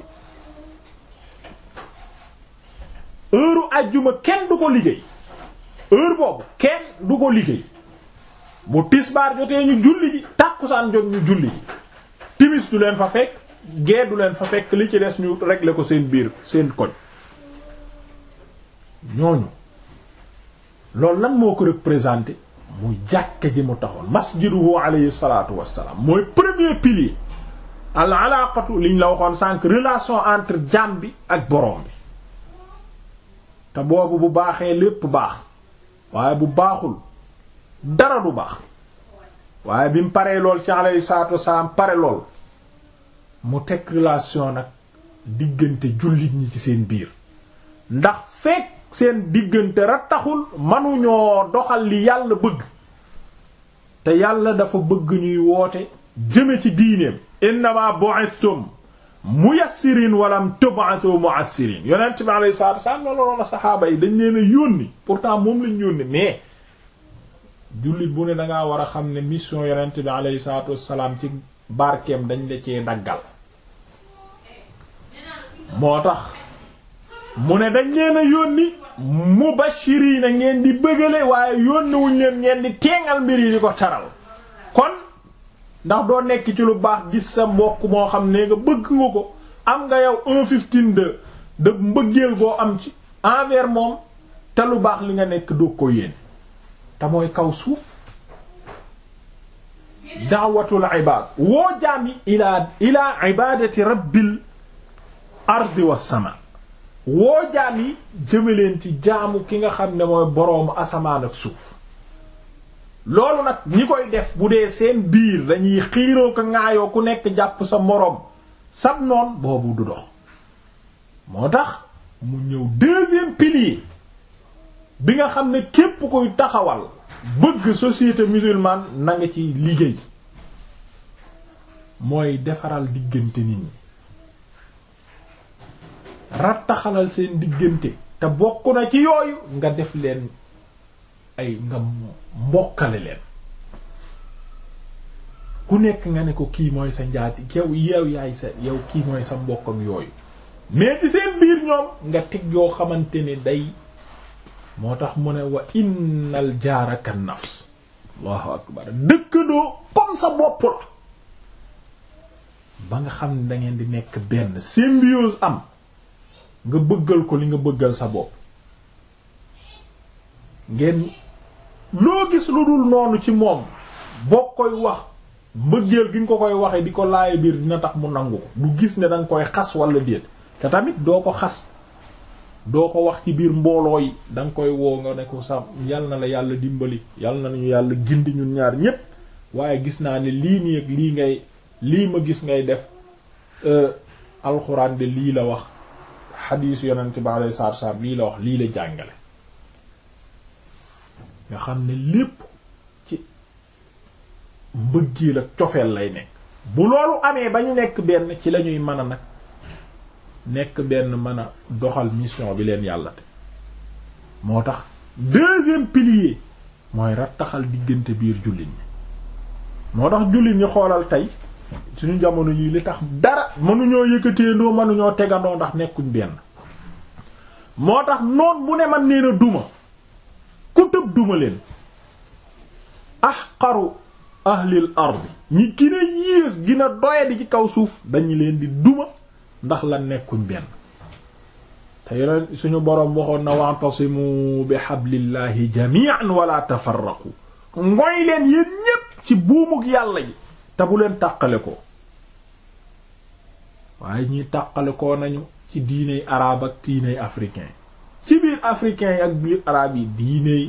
heure ajjuma kenn du ko liggéey heure boobu kenn du ko liggéey bu tisbaar jotee ñu julli ji tàkkusaan jot ñu julli ji timis leen fa fekk gee leen fa fekk li ci des ñu régler ko seen biir seen koñ ñooñu loolu nag moo ko présenté muy jàkka ji mu taxoon masjiduhu alayhi salatu wassalam mooy premier pilier al alaqatu liñ la waxoon sànq relation entre jaam bi ak borom bi te boobu bu baaxee lépp baax waaye bu baaxul dara du baax waaye bi mu paree lool ci alayhi salatu wassalam pare lool mu teg relation nag diggante jullit ñi ci seen biir ndax fekk seen diggante ra taxul mënuñoo doxal li yàlla bëgg te yàlla dafa bëgg ñuy woote jëme ci diineem innama bu'ithtum muyassirin walam tub'athu mu'assirin yonent bi alayhi salaatu wasalaam loolu loon a saxaaba yi dañ leen a yónni pourtant moom lañ yónni mais jullit bu ne dangaa war a xam ne mission yonent bi alayhi salaatu wasalaam ci barkeem dañ la cee daggal moo tax mu ne dañ leen yónni mubashiriina ngeen di bëggale waaye yónnewuñ leen ngeen di teengal mbir yi di ko taral kon ndax doo nekk ci lu baax gis sa mbokk moo xam ne nga bëgg nga ko am nga yow un fifteen de mbëggeel goo am ci envers moom te lu baax li nga nekk doo ko yéen te mooy kaw suuf da'watul ibad woo jaami ila ila ibadati rabbil ardi was sama woo jaam yi leen ci jaamu ki nga xam ne mooy boroomu asamaan ak suuf loolu nag ñi koy def bu dee seen biir dañuy xiiroo ko ŋaayoo ku nekk jàpp sa moroom sab noon boobu du dox moo tax mu ñëw deuxième pilier bi nga xam ne képp koy taxawal bëgg société musulmane na nga ci liggéey mooy defaral diggante nit ñi rattaxalal seen diggante te bokk na ci yooyu nga def leen ay nga mbokkale leen ku nekk nga ne ko kii mooy sa njaati yow yow yaay sa yow kii mooy sa mbokkam yooyu mais ci seen biir ñoom nga teg yoo xamante ni day moo tax mu ne wa innal jaaraka nafs allahu akbar dëkkandoo comme sa bopp la ba nga xam ne dangeen di nekk benn symbiose am nga bëggal ko li nga bëggal sa bopp ngeen loo gis lu dul noonu ci moom boo koy wax mbëggeel gi ko koy waxee di ko laaya biir dina tax mu nangu ko du gis ne danga koy xas walla déet te tamit doo ko xas doo ko wax ci biir mbooloo yi danga koy woo nga ne ko sa yal na la yàlla dimbali yal na ñu yàlla gindi ñun ñaar ñépp waaye gis naa ne lii nii ak ngay lii ma gis ngay def euh, alxuraan de lii la wax xadiisu yonent bi alayhi salaatu wassalaam lii la wax lii la jàngale nga xam ne lépp ci mbëggeel ak cofeel lay nekk bu loolu amee ba ñu nekk benn ci lañuy mën a nag nekk benn mën a doxal mission bi leen yàlla te moo tax deuxième pilier mooy rattaxal diggante biir jullit ñi moo tax jullit ñi xoolal tey suñu jamono yii li tax dara mënuñoo yëkkateendoo mënuñoo tegandoo ndax nekkuñ benn moo tax noon mu ne man nee duma ku tëb duma leen ahqaru ahlil ardi ñi gën a yées gën ci kaw suuf dañu leen di duma ndax la nekkuñ benn te yeneen suñu boroom waxoon na wa'tasimu bi hablillahi jami'an wala tafarraqu ngoy leen ñépp ci buumug yàlla ji te bu leen tàqale ko waaye ñii tàqale ko nañu ci diiney arabe ak diiney africain ci biir africain yi ak biir arabe yi diiney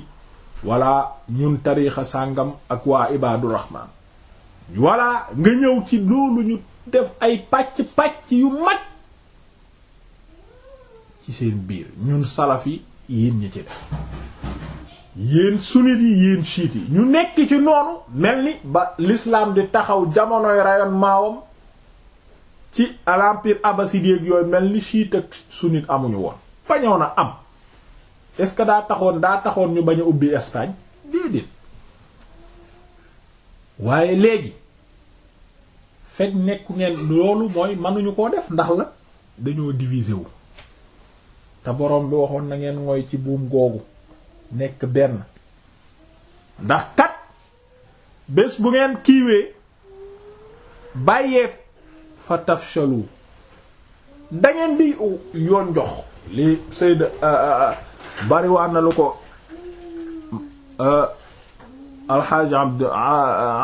walla ñun tariixa sàngam ak waa ibaadu rahmaan walla nga ñëw ci loolu ñu def ay pàcc pàcc yu mag ci seen biir ñun salaf yi yéen ñi ci def yéen sunnit yi yéen yi ñu nekk ci noonu mel ni ba l'islam di taxaw jamonoy rayon maawam ci l'empire abbasside yooyu mel ni chiite ak sunnit amuñu woon bañoon a am est-ce que daa taxoon daa taxoon ñu bañ a ubbi Espagne déedéet waaye léegi fekk nekku ngeen loolu mooy mënuñu ko def ndax la dañoo diviser wu te boroom bi waxoon na ngeen mooy ci buum googu nekk benn ndax kat bés bu ngeen kiiwee bàyyeek fa tafshalu dangeen di yoon jox li Sayyid euh, euh, euh, bariwaan na lu ko alxaaji abd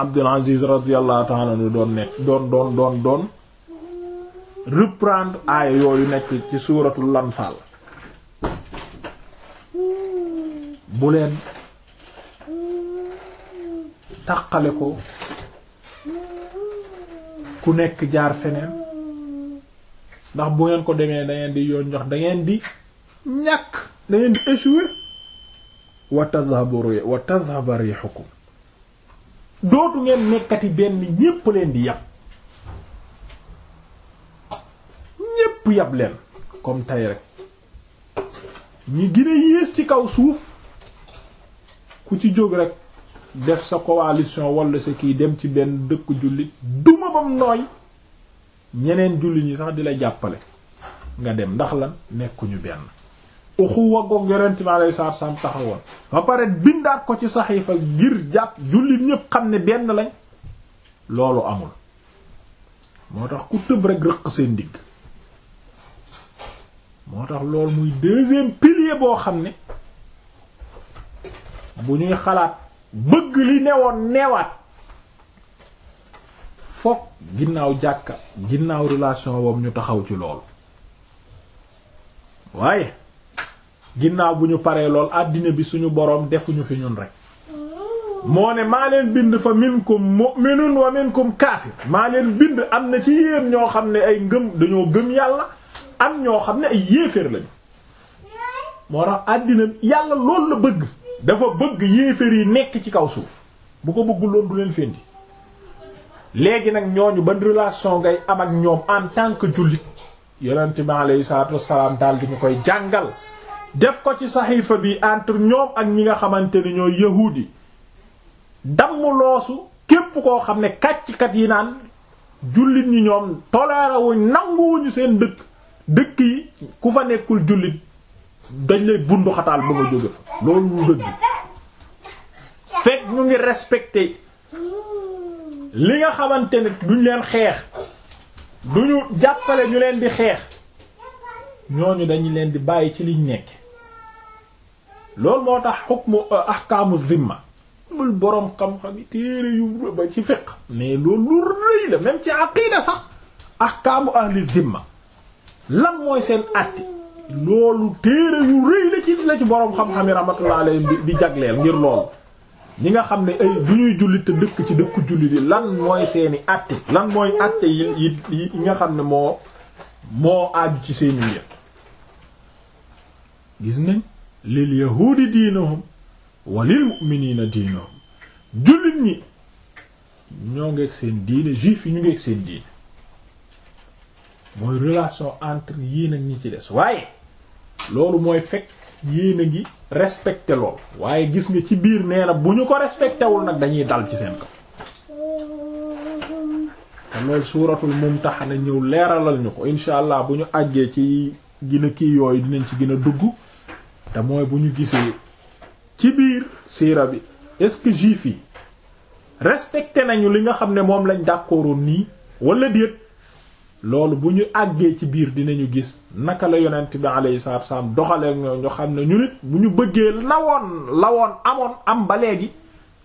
abdul aziz radiyallahu ta'ala anhu doon nekk doon doon doon doon aaya yooyu nekk ci suuratul Anfaal bu leen tàqale ko ku nekk jaar feneen ndax bu ngeen ko demee da di yoon jox dangeen ngeen di ñàkk da ngeen di échouer wa tadhabu wa tadhhabu dootu ngeen nekkati benn ñépp leen di yàpp ñépp yàpp leen comme tey rek ñi gën yées ci kaw suuf ku ci jóg rek def sa coalition walla sa kii dem ci benn dëkk jullit duma bam nooy ñeneen jullit ñi sax di la jàppale nga dem ndax lan nekkuñu benn uxuwa goog yonent bi alayhi salaatu salaam taxawoon ba pare bindaat ko ci saxiifa ngir jàpp jullit ñépp xam ne benn lañ loolu amul moo tax ku tëb rek rëq seen digg moo tax lool muy deuxième pilier boo xam ne bu ñuy xalaat bëgg li newoon newaat fokk ginnaaw jàkka ginnaaw relation boobu ñu taxaw ci loolu waaye ginnaaw bu ñu paree lool àddina bi suñu boroom defuñu fi ñun rek moo ne maa leen bind fa minkum mu'minun wa minkum kaafir maa leen bind am na ci yéen ñoo xam ne ay ngëm dañoo gëm yàlla am ñoo xam ne ay yéeféer lañu moo tax àddina yàlla loolu la bëgg dafa bëgg yéeféer yi nekk ci kaw suuf bu ko bëggul loon du leen fendi léegi nag ñooñu ban relation ngay am ak ñoom en tant que jullit yonent bi aleyhi salaatu wassalaam daal ñu koy jàngal def ko ci saxiifa bi entre ñoom ak ñi nga xamante ne ñooy yahuudi damm loosu képp koo xam ne kàcckat yi naan jullit ñi ñoom toleerawuñ nanguwuñu seen dëkk dëkk yi ku fa nekkul jullit dañ lay bundu xataal ba nga jóge fa loolu lu dëgg fekk ñu ngi respecté li nga xamante ne duñ leen xeex duñu jàppale ñu leen di xeex ñooñu dañu leen di bàyyi ci liñ nekk loolu moo tax xukmu euh, ahkaamu zimma bul boroom xam-xam yi téere yu a ci fiqh mais loolu lu rëy la même ci aqida sax ahkaamu ahli zimma lan mooy seen àtte loolu téere yu rëy la ci boroom xam-xam yi rahmatullahi alayhi di jagleel ngir loolu ñi nga xam ne ay du ñuy jullit te dëkk ci dëkku jullit yi lan mooy seeni àtte lan mooy àtte yi yi nga xam ne moo moo aaju ci seeni mbir gis nañ lil yahuudi diinuhum wa lil mu'miniina diinuhum jullit ñi ñoo ngeeg seen diine juif yi ñu ngeeg seen diine mooy relation entre yii nag ñi ci des waaye loolu mooy fekk yéene gi respecté lool waaye gis nga ci biir nee bu ñu ko respecté wul nag dañuy dal ci seen kaw te loolu suuratul mumtahana ñëw leeralal ñu ko incha allah bu ñu àggee ci gën kii yooyu dinañ ci gën a dugg te mooy bu ñu gisee ci biir siira bi est-ce que juif yi respecté nañu li nga xam ne moom lañ d'accordoon nii wala déet. loolu bu ñu àggee ci biir dinañu gis naka la yonent bi alayhi salaatu wasallam ñoo xam ne ñu nit bu ñu bëggee lawoon lawoon amoon am ba léegi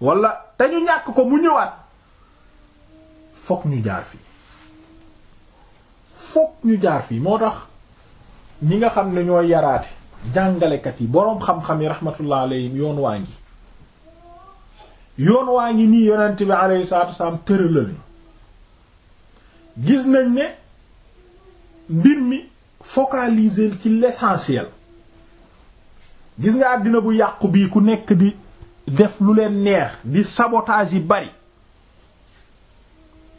wala te ñu ñàkk ko mu ñëwaat fokk ñu jaar fii fokk jaar fii moo tax ñi nga xam ne ñoo yaraate jàngalekat yi boroom xam-xam yi rahmatullah alayhim yoon waa ngi yoon waa ngi nii yonent bi alayhi salaatu wasallam ñu gis nañ ne mbir mi focaliser ci l'essentiel gis nga àddina bu yàqu bii ku nekk di def lu leen neex di sabotage yi bari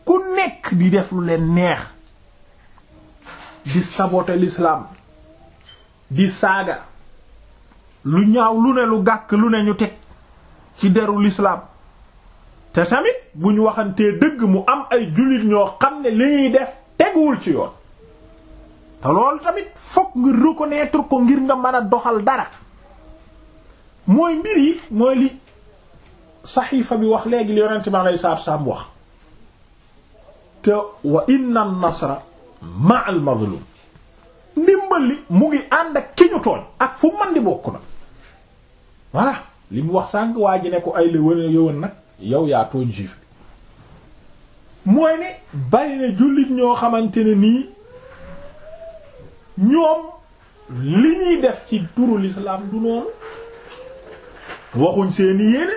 ku nekk di def leen neex di saboter di saaga lu ñaaw lu ne lu gàkk lu ne ñu teg ci deru lislaam te tamit bu ñu waxantee dëgg mu am ay jullit ñoo xam ne li ñuy def teguwul ci yoon te loolu tamit fokk nga reconnaître ko ngir nga mën a doxal dara mooy mbir yi mooy li saxiifa bi wax léegi li yonent bi alayhi salaatu salaam wax te wa inna an-nasra ma'al mazlum ndimbal li mu ngi ànd ak ki ñu tooñ ak fu man di bokk na voilà li wax sànq waa ji ne ko ay la wën yëwan nag yow yaa tooñ juif mooy ne bari na jullit ñoo xamante ne nii ñoom li ñuy def ci turu l'islam du noonu waxuñ seeni yéene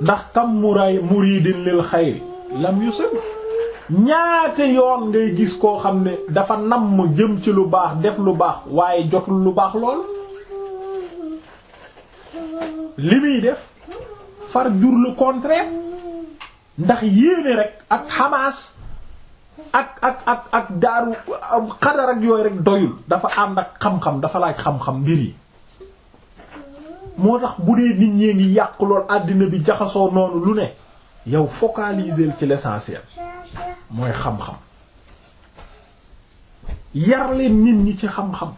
ndax kam muray muridin lil xayri lam yusib ñaate yoon ngay gis koo xam ne dafa namm jëm ci lu baax def lu baax waaye jotul lu baax lool li muy def far jurlu le ndax yéene rek ak xamaas ak ak ak ak daaru xadar yooyu rek doyul dafa ànd ak xam-xam dafa laaj xam-xam mbir yi moo tax bu dee nit ñee ngi yàq lool àddina bi jaxasoo noonu lu ne yow focaliser ci l'essentiel mooy xam-xam yar leen nit ñi ci xam-xam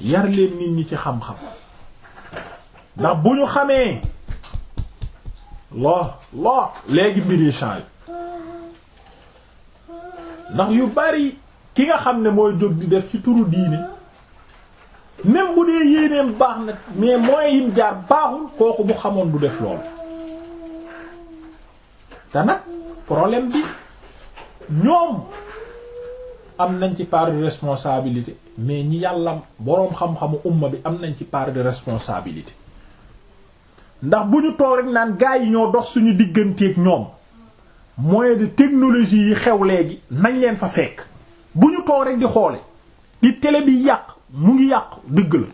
yar leen nit ñi ci xam-xam ndax bu ñu xamee loo loo léegi mbir yi change ndax yu bari ki nga xam ne mooy jóg di def ci turu diine même bu dee yéeneem baax nag mais mooy yim jaar baaxul kooku bu xamoon du def lool te nag problème bi ñoom am nañ ci part de responsabilité mais ñi yàlla boroom xam-xamu umma bi am nañ ci part de responsabilité ndax bu ñu toog rek naan gaa yi ñoo dox suñu digganteeg ñoom moyen de technologie yi xew léegi nañ leen fa fekk bu ñu toog rek di xoole di tele bi yàq mu ngi yàqu dëgg la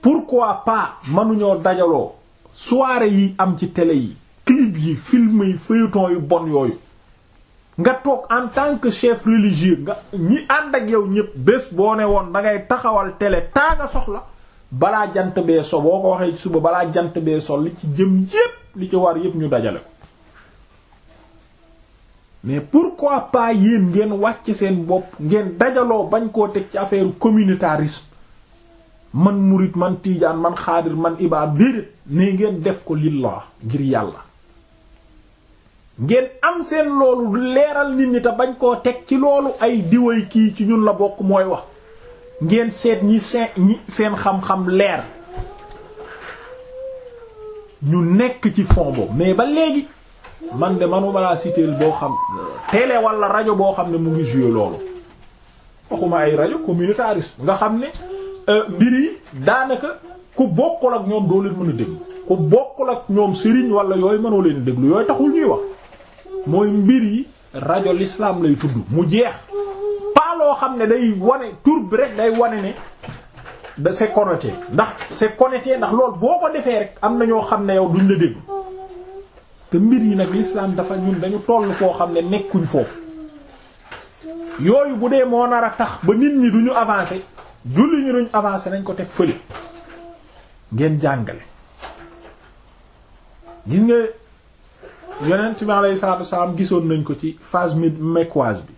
pourquoi pas mënuñoo dajaloo soirée yi am ci télé yi clip yi film yi feuilleton yu bon yooyu nga toog en tant que chef religieux nga ñi ànd ak yow ñëpp bés boo ne woon da ngay taxawal tele taa nga soxla balaa jant bee so boo ko waxee ci suba balaa jant bee sol li ci jëm yépp li ci war yépp ñu dajale ko mais pourquoi pas yéen ngeen wàcc seen bopp ngeen dajaloo bañ koo teg ci affaire communautarisme man murit man tiijaan man xaadir man ibaad déedéet ne ngeen def ko lillah ngir yàlla ngeen am seen loolu leeral nit ñi te bañ koo teg ci loolu ay diway kii ci ñun la bokk mooy wax ngeen seet ñi seen ñi seen xam-xam leer ñu nekk ci fond mais ba léegi man de manuma laa citer boo xam télé wala rajo boo xam ne mu ngi joué loolu waxuma ay rajo communautariste nga xam ne euh, mbir yi daanaka ku bokkul ak ñoom doo leen mën a déglu ku bokkul ak ñoom sëriñ wala yooyu mënoo leen déglu yooyu taxul ñuy wax mooy mbir yi rajo l'islam lay tudd mu jeex pas loo xam ne day wane tur bi rek day wane ne da c'est ndax c'est connecté ndax loolu boo ko defee rek am na ñoo xam ne yow duñ la déglu te mbir yi nag l'islam dafa ñun dañu toll foo xam ne nekkuñ foofu yooyu bu dee moo nar a tax ba nit ñi duñu avancer julli ñu duñu avancé nañ ko teg fële ngeen jàngale gis nga yonent bi alayhi salaatu gisoon nañ ko ci phase mecquoise bi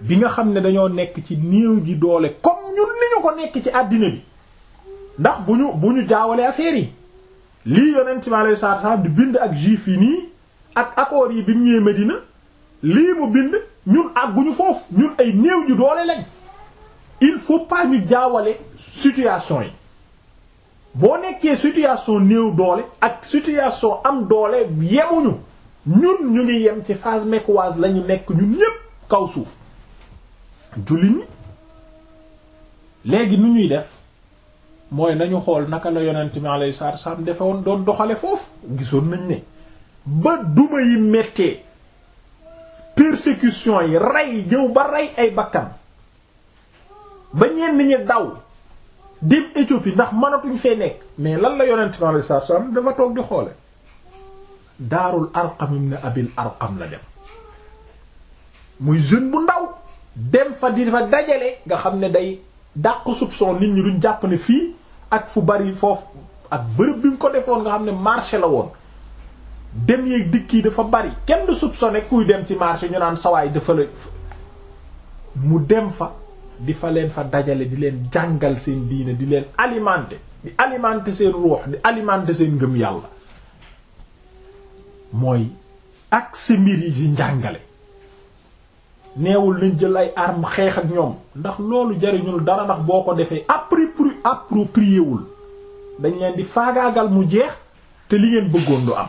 bi nga xam ne dañoo nekk ci néew gi doole comme ñun ni ñu ko nekk ci àddina bi ndax bu ñu bu ñu jaawale affaire yi lii yonent mi alayhi salaatu salaam di bind ak juif yi nii ak accords yi bi mu ñëwee Medina lii mu bind ñun àgguñu foofu ñun ay néew ju doole lañ il faut pas ñu jaawale situation yi boo nekkee situation néew doole ak situation am doole yemuñu ñun ñu ngi yem ci phase mecquoise lañu nekk ñun ñépp kaw suuf jullit ñi léegi nu ñuy def mooy nañu xool naka la yonent mi alayhi salaatu wasallam woon doon doxale foofu gisoon nañ ne ba duma yi mettee persécution yi rey jëw ba rey ay bakkan ba ñenn ñi daw dem Éthiopie ndax mënatuñ fee nekk mais lan la yonent mi alayhi salaatu dafa toog di xoole daarul arqam ibn abil arqam la dem muy jeune bu ndaw dem fa di fa dajale nga xam ne day dàq soupçon nit ñi duñ jàpp ne fii ak fu bari foofu ak bërëb bi mu ko defoon nga xam ne marché la woon dem yeeg dikk yi dafa bari kenn du soupçonné kuy dem ci marché ñu naan sawaay dafa la mu dem fa di fa leen fa dajale di leen jàngal seen diine di leen alimenter di alimenter seen ruux di alimenter seen ngëm yàlla mooy ak sa mbir yi ci njàngale neewul nañ jël ay armes xeex ak ñoom ndax loolu jariñul dara ndax boo ko defee après approprié wul dañ leen di faagaagal mu jeex te li ngeen bëggoon du am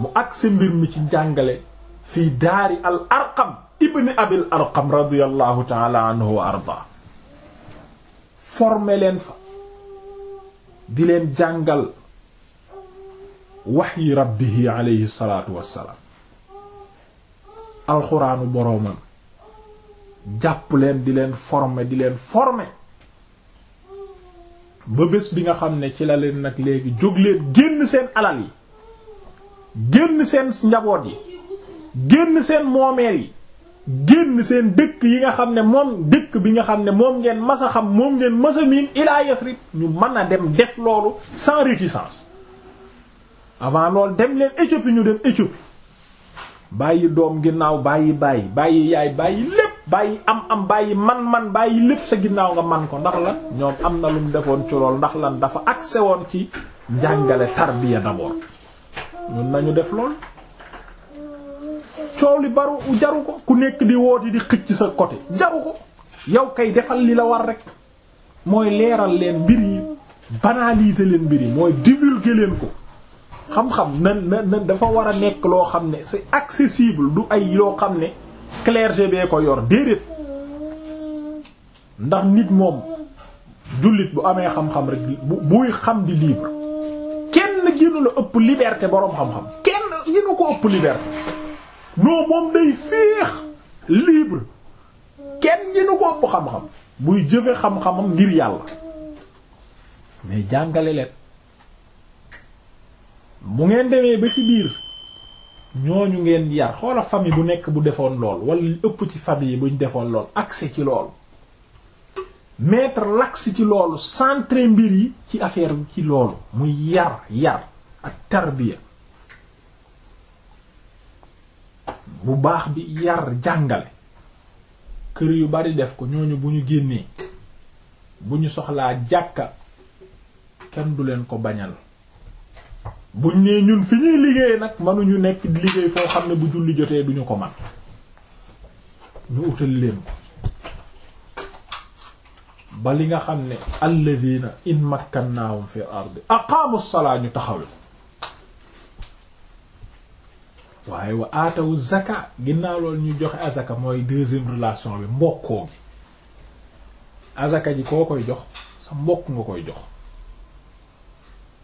mu ak mbir mi ci jàngale fii daari al arqam ibni abil arqam radiyallahu taala anhu wa arda leen fa di leen jàngal waxyi rabbihi alayhi salaatu wassalaam alxuraanu boroomam jàpp leen di leen former di leen former ba bés bi nga xam ne ci la leen nag léegi jóg leen génn seen alal yi génn seen njaboot yi génn seen moomeel yi génn seen dëkk yi nga xam ne moom dëkk bi nga xam ne moom ngeen mas a xam moom ngeen mas a miin ilaa Yasrib ñu mën a dem def loolu sans réticence avant loolu dem leen Éthiopie ñu dem Éthiopie bàyyi doom ginnaaw bàyyi bàyyi bàyyi yaay bàyyi lépp bàyyi am am bàyyi man-man bàyyi lépp sa ginnaaw nga man ko ndax lan ñoom am na lum defoon ci lool ndax lan dafa accès woon ci njàngale tarbiya d'abord ñun nañu def lool coow li baru jaru ko ku nekk di wooti di xëcc sa côté jaru ko yow kay defal li la war rek mooy leeral leen mbir yi banaliser leen mbir yi mooy divulguer leen ko xam-xam na na na dafa war a nekk loo xam ne c'est accessible du ay loo xam ne clergé bee ko yor déedéet ndax nit moom jullit bu amee xam-xam rek buy xam di libre kenn ginu la ëpp liberté boroom xam-xam kenn ginu ko ëpp liberté non moom day féex libre kenn ginu ko ëpp xam-xam buy jëfe xam-xamam ngir yàlla mais jàngale leen mu ngeen demee ba ci biir ñooñu ngeen yar xoola famille bu nekk bu defoon lool wala li ëpp ci famille yi buñ defoon lool accès ci loolu mettre l'axe ci loolu centrer mbir yi ci affaire ci loolu muy yar yar ak tarbiya bu baax bi yar jàngale kër yu bari def ko ñooñu bu ñu génnee bu ñu soxlaa jàkka kenn du leen ko bañal buñ nee ñun fi ñuy liggéey nag mënuñu nekk liggéey foo xam ne bu julli jotee duñu ko man ñu utal leen ko ba li nga xam ne alladina in makkannaahum fi ardi aqaamu salaa ñu taxawe waaye wa aatawu zaka ginnaaw loolu ñu joxe azaka mooy deuxième relation bi mbokkoo gi azaka ji koo koy jox sa mbokk nga koy jox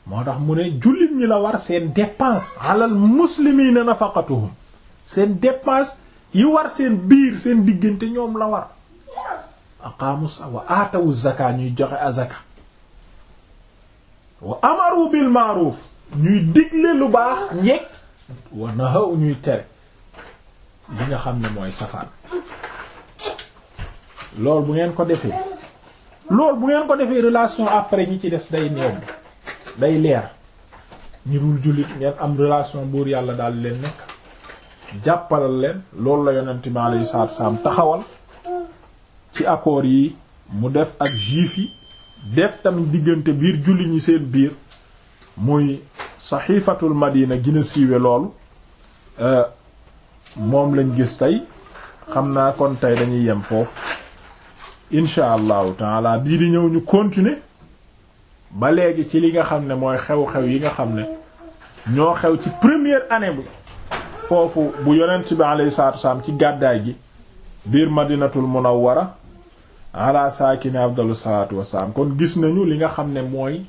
moo tax mu ne jullit ñi la war seen dépense alal muslimiina nafaqatuhum seen dépense yi war seen biir seen diggante ñoom la war aqaamu wa aatawu zaka ñuy joxe azaka wa amaru bil ma'ruf ñuy digle lu baax njekk wa nahaw ñuy tere li nga xam ne mooy safaan loolu bu ngeen ko defee loolu bu ngeen ko defee relation après ñi ci des day néew day leer ñi dul jullit ngeen am relation buur yàlla daal leen nekk jàppalal leen loolu la yonent bi alayhi salaatu salaam taxawal ci accords yi mu def ak juif yi def tamit diggante biir jullit ñi seen biir muy saxiifatul madina gën a siiwe loolu euh, moom lañ gis tey xam naa kon tey dañuy yem foofu incha allahu taala bii di ñëw ñu continuer ba léegi ci li nga xam ne mooy xew-xew yi nga xam ne ñoo xew ci première année bi foofu bu yonent bi alayhi salaatu wasalaam ci gàddaay gi biir madinatul munawwara ala saakini afdalu salaatu wasalaam kon gis nañu li nga xam ne mooy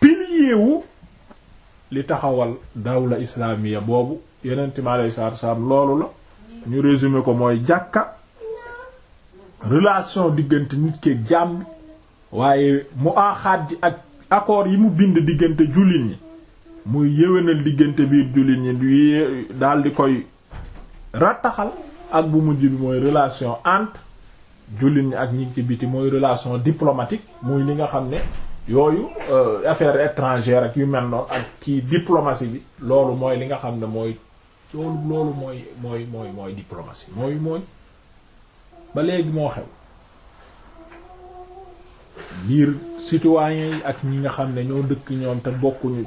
pilier wu li taxawal dawla islaamiya boobu yonent bi alayhi salaatu wasalaam loolu la ñu résumer ko mooy jàkka relation diggante nit ke jàmm waaye mu aaxaat ji ak accords yi mu bind diggante jullit ñi muy yéwénal diggante biir jullit ñi du daal di koy rattaxal ak bu mujj bi mooy relation entre jullit ñi ak ñi ci biti mooy relation diplomatique muy li nga xam ne yooyu euh, affaire étrangère ak yu mel noonu ak kii diplomatie bi loolu mooy li nga xam ne mooy loolu loolu mooy mooy mooy mooy mooy mooy ba léegi moo xew biir citoyens yi ak ñi nga xam ne ñoo dëkk ñoom te bokkuñu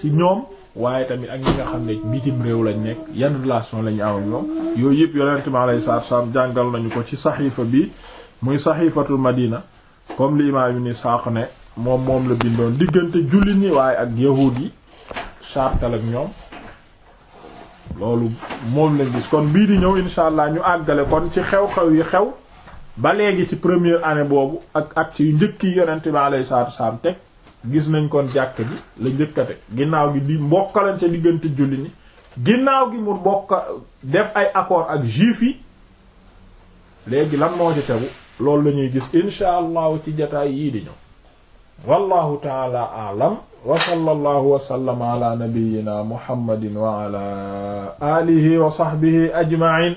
ci ñoom waaye tamit ak ñi nga xam ne bitim réew lañ nekk yan relation lañu am ñoom yooyu yëpp yonent mi alayhi salaatu salaam jàngal nañu ko ci saxiifa bi muy saxiifatul madina comme li imaam ni Isxaaq ne moom moom la bindoon diggante jullit ñi waaye ak yahuud yi chartal ak ñoom loolu moom lañ gis kon bii di ñëw insha allah ñu àggale kon ci xew-xew yi xew ba léegi ci première année boobu ak ak ci njëkk yi yonent bi alayhi salaatu teg gis nañ kon jàkk ji la njëkkate ginnaaw gi di mbokkalante diggante julli ni ginnaaw gi mu bokk def ay accord ak juif yi léegi lan tegu loolu la ñuy gis insha allah ci jataay yii di ñëw wallahu taala aalam wa sallallahu wa sallama ala nabiyyina muhammadin wa ala wa sahbihi ajma'in